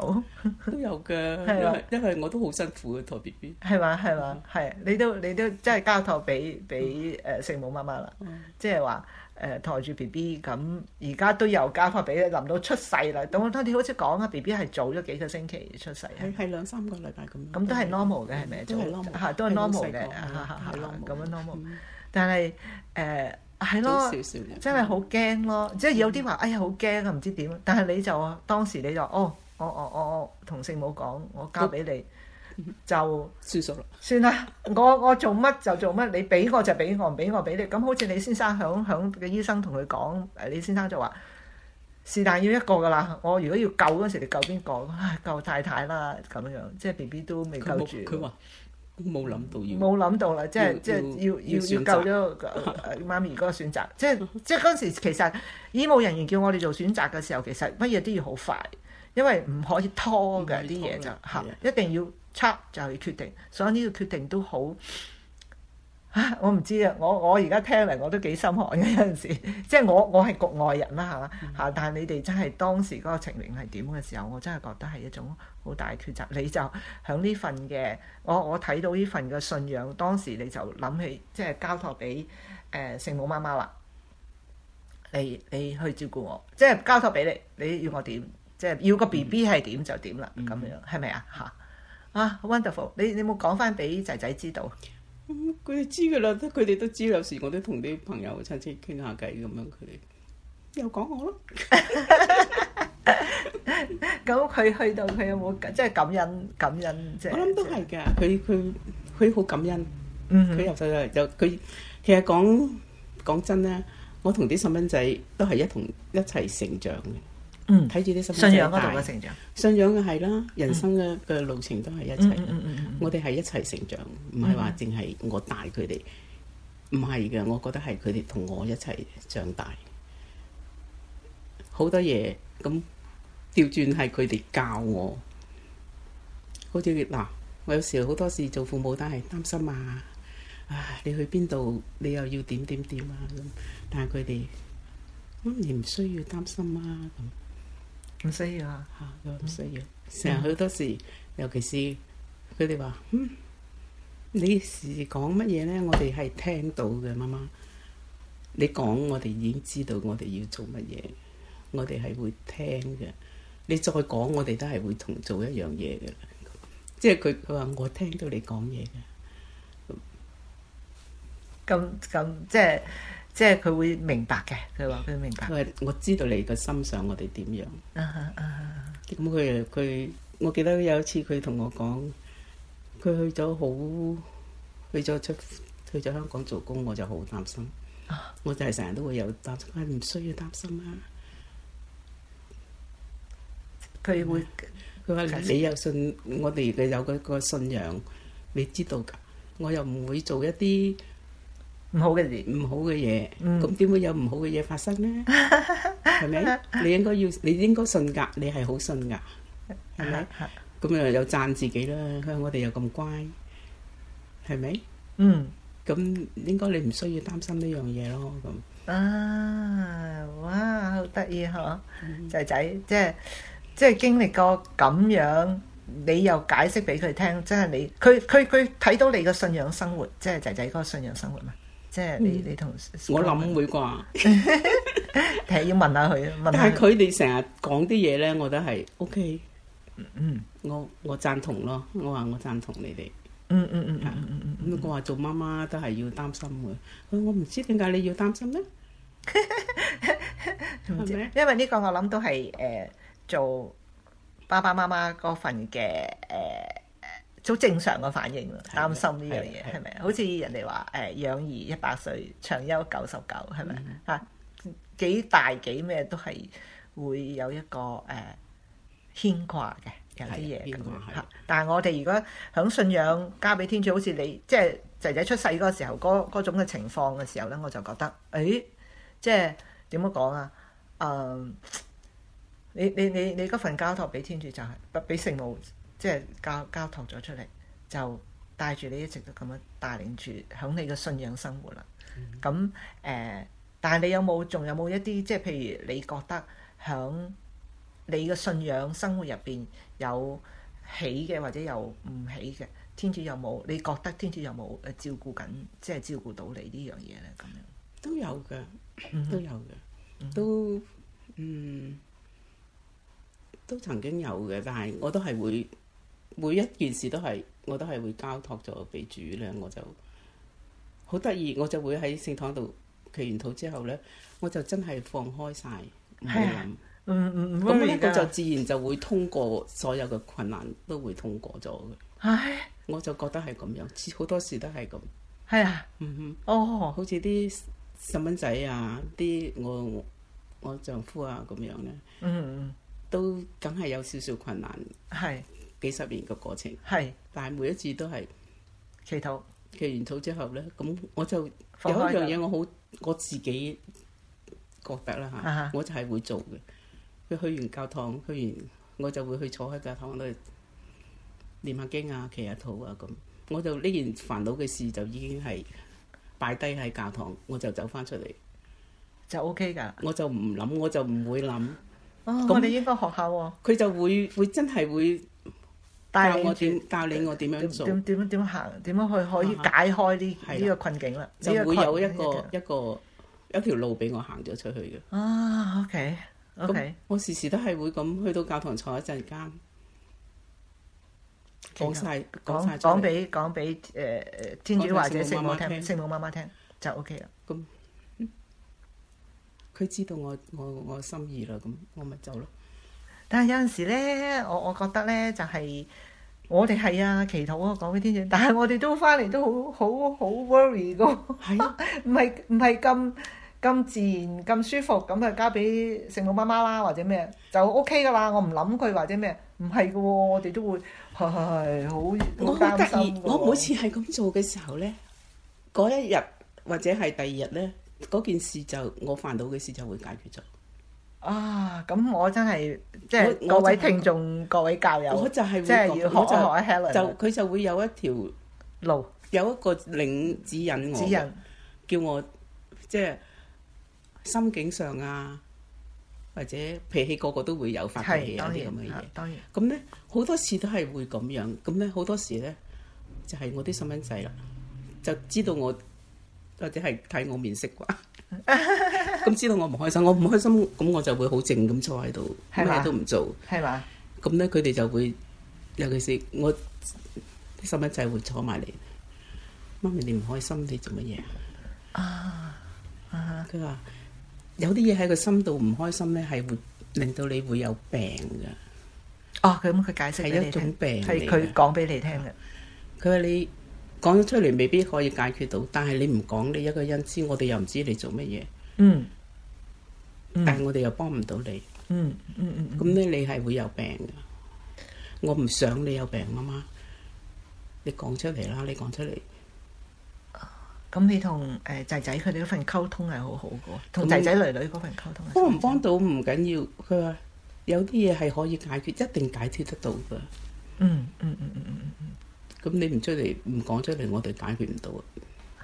都有㗎。因為我都好辛苦嘅抬 B B。係嘛係嘛係。你都你都即係交託俾俾誒聖母媽媽啦。即係話。誒抬住 B B 咁，而家、呃、都又交翻俾，你臨到出世啦。咁當你好似講啊。B B 係早咗幾個星期出世，係係兩三個禮拜咁。咁、嗯、都係 normal 嘅係咪？都係 normal 嚇，都係、啊、太 normal 嘅嚇嚇嚇，咁樣 normal。嗎但係誒係咯，真係好驚咯。即係有啲話哎呀好驚啊，唔知點。但係你就當時你就哦，我我我我同聖母講，我交俾你，就算數啦，算啦了，我我做乜就做乜，你俾我就俾我，唔俾我俾你。咁好似李先生響響嘅醫生同佢講，誒，李先生就話是但要一個噶啦。我如果要救嗰時，你救邊個？救太太啦，咁樣，即係 B B 都未救住。佢冇，佢話冇諗到冇諗到啦，即係要即係要要要救咗誒媽咪嗰個選擇， 即係即係嗰時其實醫務人員叫我哋做選擇嘅時候，其實乜嘢都要好快，因為唔可以拖嘅啲嘢就吓， 一定要。就係決定，所以呢個決定都好我唔知啊！我我而家聽嚟我都幾心寒嘅有陣時，即係我我係局外人啦嚇嚇，但係你哋真係當時嗰個情形係點嘅時候，我真係覺得係一種好大嘅抉擇。你就喺呢份嘅，我我睇到呢份嘅信仰，當時你就諗起即係交託俾誒聖母媽媽啦。你你去照顧我，即係交託俾你，你要我點？即係要個 B B 係點就點啦，嗯，咁樣，嗯，係咪啊？嚇！啊、ah，Wonderful！你你有冇講翻俾仔仔知道啊？佢哋知噶啦，佢哋都知。有時我都同啲朋友親戚傾下偈咁樣，佢哋又講我咯。咁 佢 去到佢有冇即係感恩感恩即係？我諗都係㗎。佢佢佢好感恩。嗯。佢又就又、是、佢、mm hmm. 其實講講真咧，我同啲細蚊仔都係一同一齊成長嘅。嗯，睇住啲信仰嗰度嘅成長，信仰嘅係啦，人生嘅嘅路程都係一齊。我哋係一齊成長，唔係話淨係我帶佢哋，唔係嘅，我覺得係佢哋同我一齊長大。好多嘢咁調轉係佢哋教我，好似嗱，我有時好多時做父母都係擔心啊，唉，你去邊度，你又要點點點啊咁，但係佢哋咁你唔需要擔心啊咁。唔需要啊！嚇、啊，都唔需要、啊。成日好多時，的尤其是佢哋話，嗯，你係講乜嘢呢？我哋係聽到嘅，媽媽。你講我哋已經知道我哋要做乜嘢，我哋係會聽嘅。你再講我哋都係會同做一樣嘢嘅。即係佢佢話我聽到你講嘢嘅，咁咁、嗯嗯嗯、即係。即係佢會明白嘅，佢話佢明白。佢 我知道你個心想我哋點樣。咁佢佢，我記得有一次佢同我講，佢去咗好，去咗出，去咗香港做工，我就好擔心。Uh, 我就係成日都會有擔心。唔、哎、需要擔心啦、啊。佢不會，佢話你你有信，我哋嘅有個個信仰，你知道㗎。我又唔會做一啲唔好嘅事，唔好嘅嘢，咁點會有唔好嘅嘢發生呢？係咪？你應該要，你應該信㗎，你係好信㗎，係咪？係咁啊！又讚自己啦，向我哋又咁乖，係咪？嗯，咁應該你唔需要擔心呢樣嘢咯。咁啊，哇！好得意嗬，仔仔即係即係經歷過咁樣，你又解釋俾佢聽，即係你佢佢佢睇到你嘅信仰生活，即係仔仔嗰個信仰生活嘛。即係你、嗯、你同跟我諗會啩，係 要問下佢。問下但係佢哋成日講啲嘢咧，我都係 OK 嗯。嗯，我我贊同咯，我話我贊同你哋。嗯嗯嗯，嗯嗯咁我話做媽媽都係要擔心嘅。佢我唔知點解你要擔心咧。 知嗎因為呢個我諗都係誒、呃、做爸爸媽媽嗰份嘅誒。呃好正常嘅反應咯，的擔心呢樣嘢，係咪？好似人哋話誒，養、呃、兒一百歲，長憂九十九，係咪啊？幾大幾咩都係會有一個誒、呃、牽掛嘅，有啲嘢嚇。但係我哋如果響信仰交俾天主，好似你即係仔仔出世嗰時候嗰種嘅情況嘅時候咧，我就覺得，誒、欸，即係點樣講啊？誒、嗯，你你你你嗰份交託俾天主就係不俾聖母。即係交交託咗出嚟，就帶住你一直都咁樣帶領住響你嘅信仰生活啦。咁誒、mm hmm. 呃，但係你有冇仲有冇一啲即係譬如你覺得響你嘅信仰生活入邊有起嘅或者有唔起嘅，天主有冇？你覺得天主有冇誒照顧緊，即係照顧到你呢樣嘢咧？咁樣都有嘅，都有嘅，mm hmm. mm hmm. 都嗯都曾經有嘅，但係我都係會。Mm hmm. 每一件事都係，我都係會交託咗俾主咧，我就好得意，我就會喺聖堂度祈完禱之後咧，我就真係放開晒。係啊，唔咁、嗯嗯、咁呢個就自然就會通過所有嘅困難，都會通過咗嘅。唉呀，我就覺得係咁樣，多時好多時都係咁。係啊，嗯哦，好似啲細蚊仔啊，啲我我丈夫啊咁樣咧，嗯，嗯都梗係有少少困難。係。幾十年嘅過程係，是但係每一次都係祈禱，祈完禱之後呢，咁我就有一樣嘢，我好我自己覺得啦吓，我就係會做嘅。佢去完教堂，去完我就會去坐喺教堂度念下經啊、祈下禱啊咁。我就呢件煩惱嘅事就已經係擺低喺教堂，我就走翻出嚟就 O K 㗎。我就唔諗，我就唔會諗。哦，你哋那應該學下喎，哦。佢就會會真係會。但我點教你我點樣做？點點點樣點樣行？點樣去可以解開啲呢個困境啦？就會有一個一個一條路俾我行咗出去嘅。啊，OK，OK，我時時都係會咁去到教堂坐一陣間，講曬講講俾講俾誒誒天主或者聖母聽，聖母媽媽聽就 OK 啦。咁佢知道我我我心意啦，咁我咪走咯。但係有陣時咧，我我覺得咧就係、是、我哋係啊祈禱啊講俾天主，但係我哋都翻嚟都好好好 worry 噶唔係唔係咁咁自然咁舒服，咁啊交俾聖母媽媽啦或者咩就 OK 噶啦，我唔諗佢或者咩，唔係噶喎，我哋都會係好好擔心我。我每次係咁做嘅時候咧，嗰一日或者係第二日咧，嗰件事就我煩到嘅事就會解決咗。啊，咁我真係即係各位聽眾、各位教友，即係要學一學一 Helene，就佢就會有一條路，有一個領指引我，叫我即係心境上啊，或者脾氣個個都會有發脾氣，有啲咁嘅嘢。當然，當然。咁咧好多時都係會咁樣，咁咧好多時咧就係我啲細蚊仔就知道我，或者係睇我面色啩。咁知道我唔開心，我唔開心，咁我就會好靜咁坐喺度，咩都唔做。係嘛？咁咧，佢哋就會尤其是我啲細蚊仔會坐埋嚟。媽咪，你唔開心，你做乜嘢啊？啊啊！佢話有啲嘢喺個心度唔開心咧，係會令到你會有病㗎。哦，佢咁，佢解釋俾你聽係一種病嚟，係佢講俾你聽嘅。佢話你講咗出嚟，未必可以解決到，但係你唔講，你一個人知，我哋又唔知你做乜嘢。嗯，嗯但係我哋又幫唔到你。嗯嗯嗯，咁、嗯、咧、嗯、你係會有病噶我唔想你有病啊嘛。你講出嚟啦，你講出嚟。咁你同誒仔仔佢哋嗰份溝通係好好噶同仔仔女女嗰份溝通。幫唔幫到唔緊要，佢話有啲嘢係可以解決，一定解決得到噶。嗯嗯嗯嗯嗯嗯嗯，咁、嗯嗯嗯、你唔出嚟唔講出嚟，我哋解決唔到啊。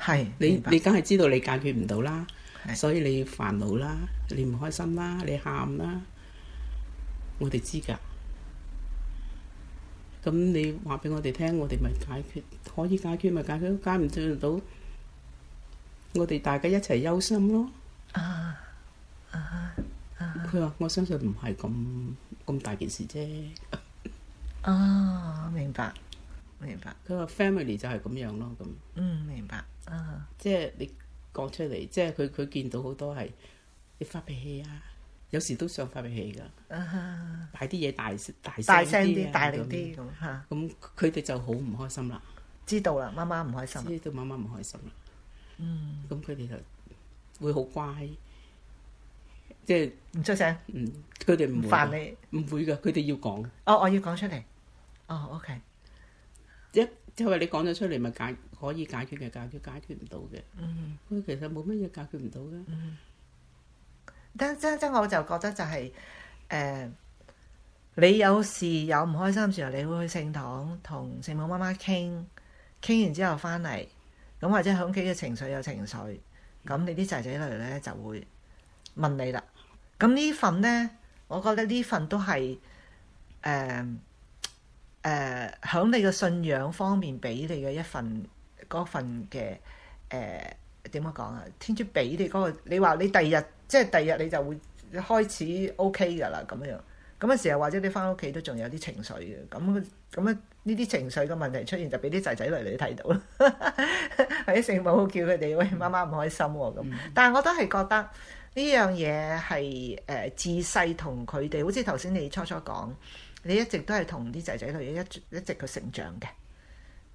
係，你你梗係知道你解決唔到啦。所以你煩惱啦，你唔開心啦，你喊啦，我哋知㗎。咁你話俾我哋聽，我哋咪解決，可以解決咪解決，解唔到到，我哋大家一齊憂心咯。啊啊啊！佢話：我相信唔係咁咁大件事啫。哦，明白，明白。佢話：family 就係咁樣咯，咁。嗯，明白。啊，即係你。講出嚟，即係佢，佢見到好多係，你發脾氣啊，有時都想發脾氣噶，擺啲嘢大大聲啲，大力啲咁，吓，咁佢哋就好唔開心啦。知道啦，媽媽唔開心。知道媽媽唔開心啦。嗯。咁佢哋就會好乖，即係唔出聲。嗯，佢哋唔會煩你，唔會噶，佢哋要講。哦，我要講出嚟。哦，OK。Yes. 即係你講咗出嚟，咪解可以解決嘅，解決解決唔到嘅？嗯，其實冇乜嘢解決唔到嘅。但真真我就覺得就係、是、誒、呃，你有事有唔開心嘅時候，你會去聖堂同聖母媽媽傾，傾完之後翻嚟，咁或者喺屋企嘅情緒有情緒，咁你啲仔仔女咧，就會問你啦。咁呢份咧，我覺得呢份都係誒。呃誒，喺、uh, 你嘅信仰方面俾你嘅一份嗰份嘅誒點講啊？天主俾你嗰、那個，你話你第二日，日即係第二日你就會開始 OK 噶啦咁樣。咁嘅時候或者你翻屋企都仲有啲情緒嘅，咁咁呢啲情緒嘅問題出現就俾啲仔仔女女睇到啦， 或者聖母叫佢哋喂，媽媽唔開心咁、啊。但係我都係覺得呢樣嘢係誒自細同佢哋，好似頭先你初初講。你一直都係同啲仔仔女一一直去成長嘅，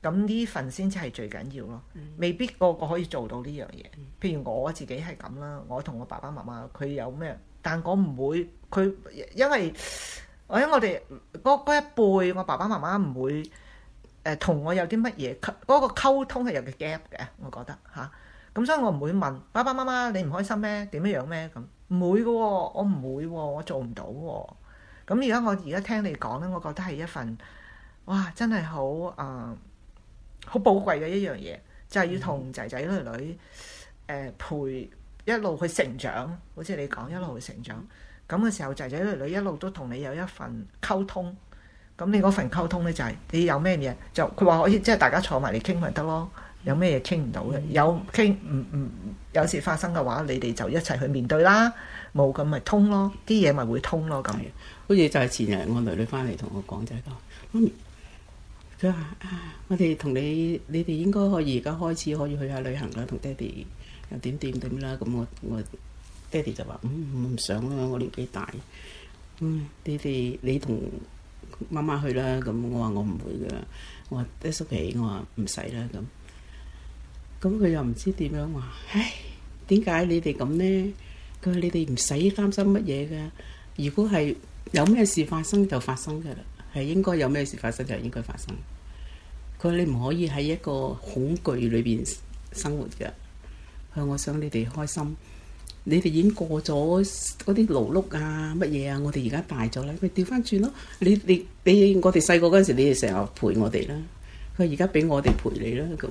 咁呢份先至係最緊要咯。未必個個可以做到呢樣嘢。譬如我自己係咁啦，我同我爸爸媽媽佢有咩？但我唔會，佢因為或者我哋嗰一輩，我爸爸媽媽唔會誒同、呃、我有啲乜嘢溝嗰個溝通係有個 gap 嘅，我覺得嚇。咁、啊、所以我唔會問爸爸媽媽你唔開心咩？點樣樣咩咁？唔會嘅喎、哦，我唔會喎、哦，我做唔到喎、哦。咁而家我而家聽你講咧，我覺得係一份，哇！真係好誒，好、呃、寶貴嘅一樣嘢，就係、是、要同仔仔女女誒、呃、陪一路去成長，好似你講一路去成長。咁嘅時候，仔仔女女一路都同你有一份溝通。咁你嗰份溝通咧、就是，就係你有咩嘢就佢話可以，即係大家坐埋嚟傾咪得咯。有咩嘢傾唔到嘅？嗯、有傾唔唔有事發生嘅話，你哋就一齊去面對啦。冇咁咪通咯，啲嘢咪會通咯。咁，好似就係前日我女女翻嚟同我講就係講，媽咪佢話啊，我哋同你你哋應該可以而家開始可以去下旅行啦，同爹哋又點點點啦。咁、嗯、我爹地、嗯、我爹哋就話唔唔想啦，我年紀大。嗯，你哋你同媽媽去啦。咁我話我唔會嘅。我話爹叔皮我話唔使啦。咁、嗯。咁佢又唔知點樣話，唉，點解你哋咁咧？佢話你哋唔使擔心乜嘢噶，如果係有咩事發生就發生噶啦，係應該有咩事發生就係應該發生。佢話你唔可以喺一個恐懼裏邊生活噶佢話我想你哋開心，你哋已經過咗嗰啲勞碌啊乜嘢啊，我哋而家大咗啦，咪調翻轉咯。你你你我哋細個嗰陣時，你哋成日陪我哋啦。佢話而家俾我哋陪你啦咁。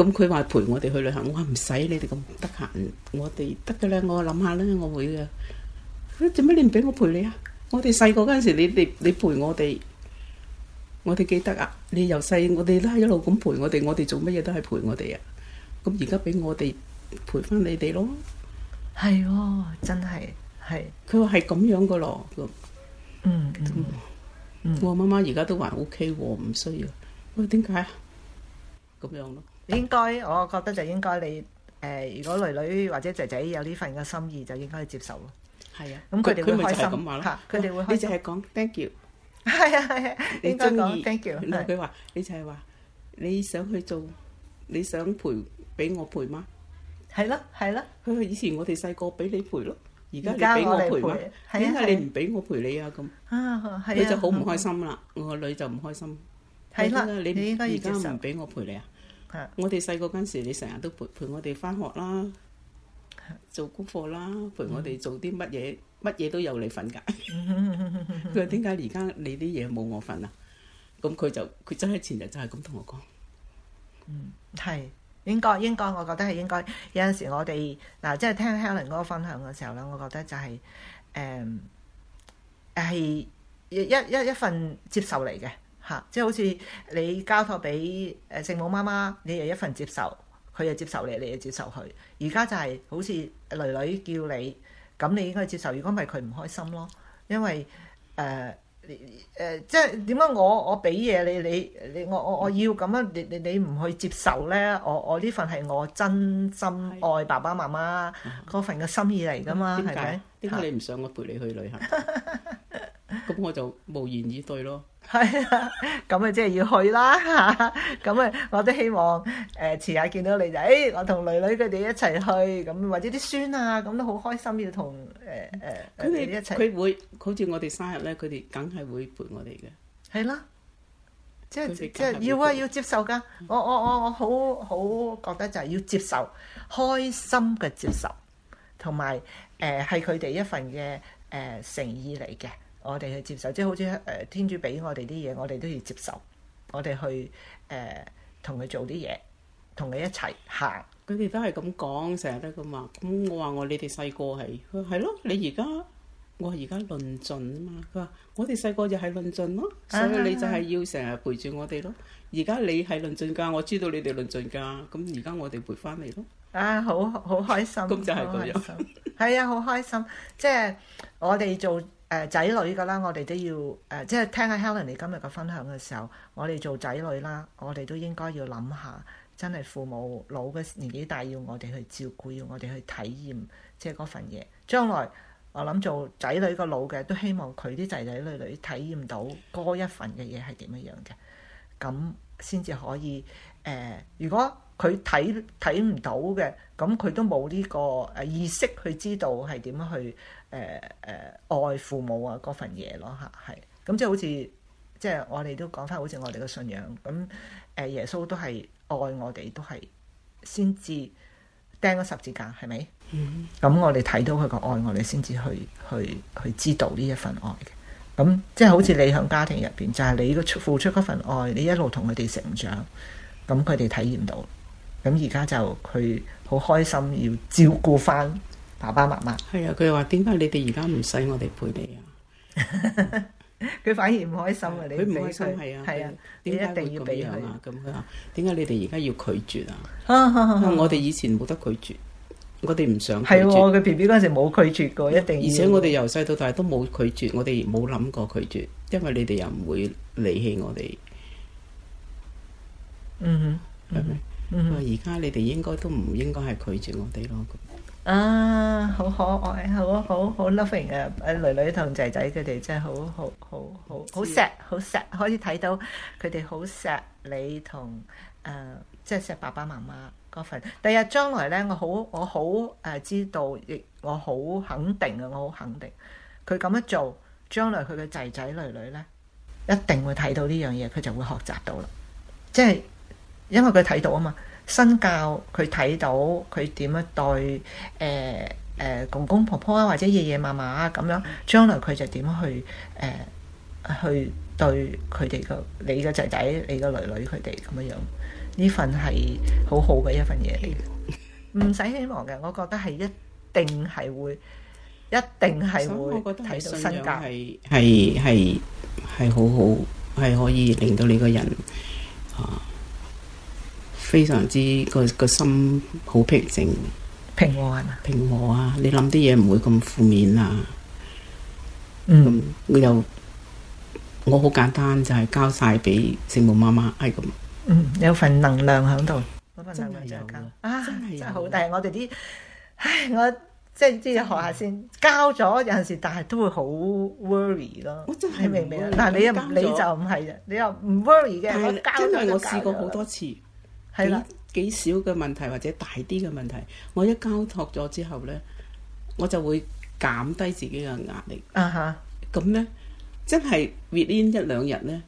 咁佢話陪我哋去旅行，我話唔使你哋咁得閒，我哋得噶啦，我諗下啦，我會噶。做咩你唔俾我陪你啊？我哋細個嗰陣時，你哋你陪我哋，我哋記得啊。你由細我哋都係一路咁陪我哋，我哋做乜嘢都係陪我哋啊。咁而家俾我哋陪翻你哋咯。係喎，真係係。佢話係咁樣噶咯咁。嗯嗯。我媽媽而家都還 OK，唔需要。喂，點解啊？咁樣咯。應該，我覺得就應該你誒，如果女女或者仔仔有呢份嘅心意，就應該去接受咯。係啊，咁佢哋會開心嚇，佢哋會你就係講 thank you。係啊係啊，應該講 thank you。佢話：你就係話你想去做，你想陪俾我陪嗎？係咯係咯。佢以前我哋細個俾你陪咯，而家你俾我陪，點解你唔俾我陪你啊？咁啊係啊，佢就好唔開心啦。我個女就唔開心。係啦，你應該要接受。你而家唔俾我陪你啊？我哋細個嗰陣時，你成日都陪陪我哋翻學啦，做功課啦，陪我哋做啲乜嘢，乜嘢、嗯、都有你份㗎。佢話，點解而家你啲嘢冇我份啊？咁佢就佢真係前日就係咁同我講。嗯，係應該應該，應該我覺得係應該。有陣時我哋嗱，即、啊、係、就是、聽 Helen 嗰個分享嘅時候咧，我覺得就係誒係一一一份接受嚟嘅。嚇！即係好似你交託俾誒聖母媽媽，你有一份接受，佢又接受你，你又接受佢。而家就係好似囡囡叫你，咁你應該接受。如果唔係佢唔開心咯，因為誒誒，即係點解我我俾嘢你，你你我我我要咁樣？你你你唔去接受咧？我我呢份係我真心愛爸爸媽媽嗰份嘅心意嚟㗎嘛？點解？點解你唔想我陪你去旅行？咁我就無言以對咯。係啊，咁啊即係要去啦吓，咁啊我都希望誒遲、呃、下見到你仔、哎，我同女女佢哋一齊去，咁或者啲孫啊咁都好開心要同誒誒佢哋一齊去。佢會好似我哋生日咧，佢哋梗係會陪我哋嘅。係啦、啊，即係即係要啊，要接受噶。我我我我好好覺得就係要接受，開心嘅接受，同埋誒係佢哋一份嘅誒誠意嚟嘅。我哋去接受，即係好似誒、呃、天主俾我哋啲嘢，我哋都要接受，我哋去誒同佢做啲嘢，同佢一齊行。佢哋都係咁講，成日都咁話。咁、嗯、我話我你哋細個係，佢話係咯，你而家我而家論盡啊嘛。佢話我哋細個就係論盡咯，所以你就係要成日陪住我哋咯。而家你係論盡㗎，我知道你哋論盡㗎，咁而家我哋陪翻你咯。啊，好好開心，咁就係咁樣。係啊，好開心，即係我哋做。誒仔、呃、女嘅啦，我哋都要誒、呃，即係聽下 Helen 你今日嘅分享嘅時候，我哋做仔女啦，我哋都應該要諗下，真係父母老嘅年紀大，要我哋去照顧，要我哋去體驗，即係嗰份嘢。將來我諗做仔女個老嘅，都希望佢啲仔仔女女體驗到嗰一份嘅嘢係點樣樣嘅？咁先至可以誒、呃。如果佢睇睇唔到嘅，咁佢都冇呢個誒意識去知道係點樣去。誒誒、呃呃、愛父母啊嗰份嘢咯吓，係，咁、嗯、即係好似即係我哋都講翻好似我哋嘅信仰咁，誒、嗯、耶穌都係愛我哋，都係先至釘咗十字架係咪？咁、嗯嗯、我哋睇到佢個愛我哋，先至去去去知道呢一份愛嘅。咁、嗯、即係好似你喺家庭入邊，就係、是、你嘅出付出嗰份愛，你一路同佢哋成長，咁佢哋體驗到。咁而家就佢好開心要照顧翻。爸爸媽媽係啊，佢話點解你哋而家唔使我哋陪你啊？佢反而唔開心啊！你唔開心係啊？係啊！你一定要俾佢。咁樣啊？咁佢話點解你哋而家要拒絕啊？我哋以前冇得拒絕，我哋唔想係喎。佢 B B 嗰陣時冇拒絕過，一定。而且我哋由細到大都冇拒絕，我哋冇諗過拒絕，因為你哋又唔會離棄我哋。嗯哼，係咪？嗯哼，而家你哋應該都唔應該係拒絕我哋咯。啊，好可愛，好，好好 loving 啊！誒，女女同仔仔佢哋真係好好好好好錫，好錫，ad, ad，可以睇到佢哋好錫你同誒，即係錫爸爸媽媽嗰份。第日將來咧，我好我好誒、呃，知道亦我好肯定啊，我好肯定。佢咁樣做，將來佢嘅仔仔女女咧，一定會睇到呢樣嘢，佢就會學習到啦。即係因為佢睇到啊嘛。身教，佢睇到佢點樣對誒誒、呃呃、公公婆婆啊，或者爺爺嫲嫲啊咁樣，將來佢就點去誒、呃、去對佢哋個你嘅仔仔、你嘅女女佢哋咁樣。呢份係好好嘅一份嘢嚟，唔使希望嘅，我覺得係一定係會，一定係會睇到身教係係係係好好，係可以令到你個人啊。非常之個個心好平靜，平和係嘛？平和啊！你諗啲嘢唔會咁負面啊！嗯，我又我好簡單就係交晒俾聖母媽媽，係咁。嗯，有份能量喺度，份真係有，真係有啊！真係好大。嗯，我哋啲唉，我即係都要學下先。交咗有陣時，但係都會好 worry 咯。我真係明唔明？但係你又你就唔係啊？你又唔 worry 嘅？我交咗我試過好多次。幾幾少嘅問題或者大啲嘅問題，我一交託咗之後咧，我就會減低自己嘅壓力。啊哈、uh！咁、huh. 咧，真係 within 一兩日咧，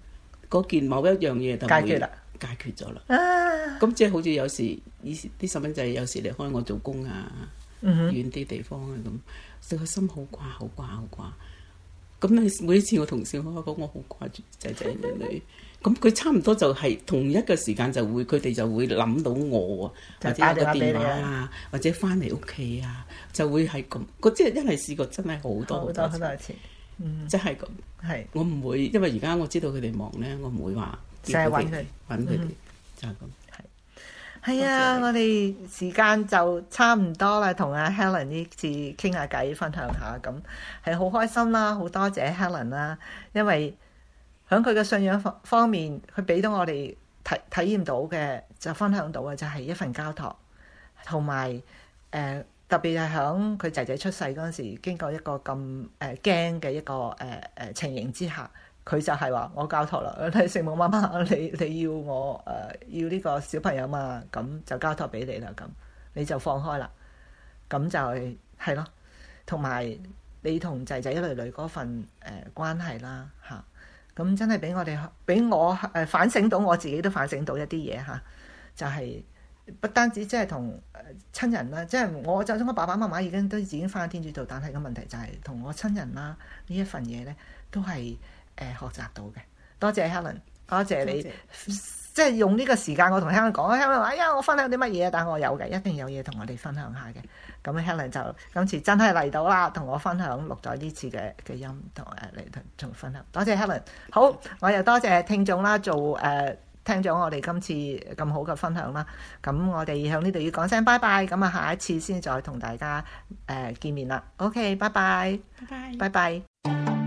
嗰件某一樣嘢就會解決啦，uh huh. 解決咗啦。咁即係好似有時以前啲細蚊仔有時離開我做工啊，uh huh. 遠啲地方啊咁，佢個心好掛好掛好掛。咁你每一次我同小開口，我好掛住仔仔女女。Uh huh. 咁佢差唔多就係同一個時間就會，佢哋就會諗到我啊，或者打個電話啊，或者翻嚟屋企啊，就會係咁。即係因為試過真係好多好多次，嗯，即係咁係。是我唔會，因為而家我知道佢哋忙咧，我唔會話成日揾佢揾佢哋，嗯、就係咁係。係啊，謝謝我哋時間就差唔多啦，同阿 Helen 呢次傾下偈，分享下咁係好開心啦，好多謝 Helen 啦，因為。響佢嘅信仰方方面，佢俾到我哋體體驗到嘅就分享到嘅就係、是、一份交託，同埋誒特別係響佢仔仔出世嗰陣時，經過一個咁誒驚嘅一個誒誒、呃、情形之下，佢就係話我交託啦，你聖母媽媽，你你要我誒、呃、要呢個小朋友嘛，咁就交託俾你啦，咁你就放開啦，咁就係係咯，同埋你同仔仔一女女嗰份誒、呃、關係啦嚇。咁真係俾我哋，俾我誒反省到我自己都反省到一啲嘢嚇，就係、是、不單止即係同親人啦，即、就、係、是、我就算我爸爸媽媽已經都已經翻天主道，但係個問題就係、是、同我親人啦、啊、呢一份嘢咧，都係誒、呃、學習到嘅。多謝 Helen，多謝你。即係用呢個時間我，我同 Helen 講，Helen 話：哎呀，我分享啲乜嘢？但係我有嘅，一定有嘢同我哋分享下嘅。咁 Helen 就今次真係嚟到啦，同我分享錄咗呢次嘅嘅音，同誒嚟同仲分享。多謝 Helen。好，我又多謝聽眾啦，做誒、呃、聽咗我哋今次咁好嘅分享啦。咁我哋向呢度要講聲拜拜。咁啊，下一次先再同大家誒、呃、見面啦。OK，拜，拜拜，拜拜。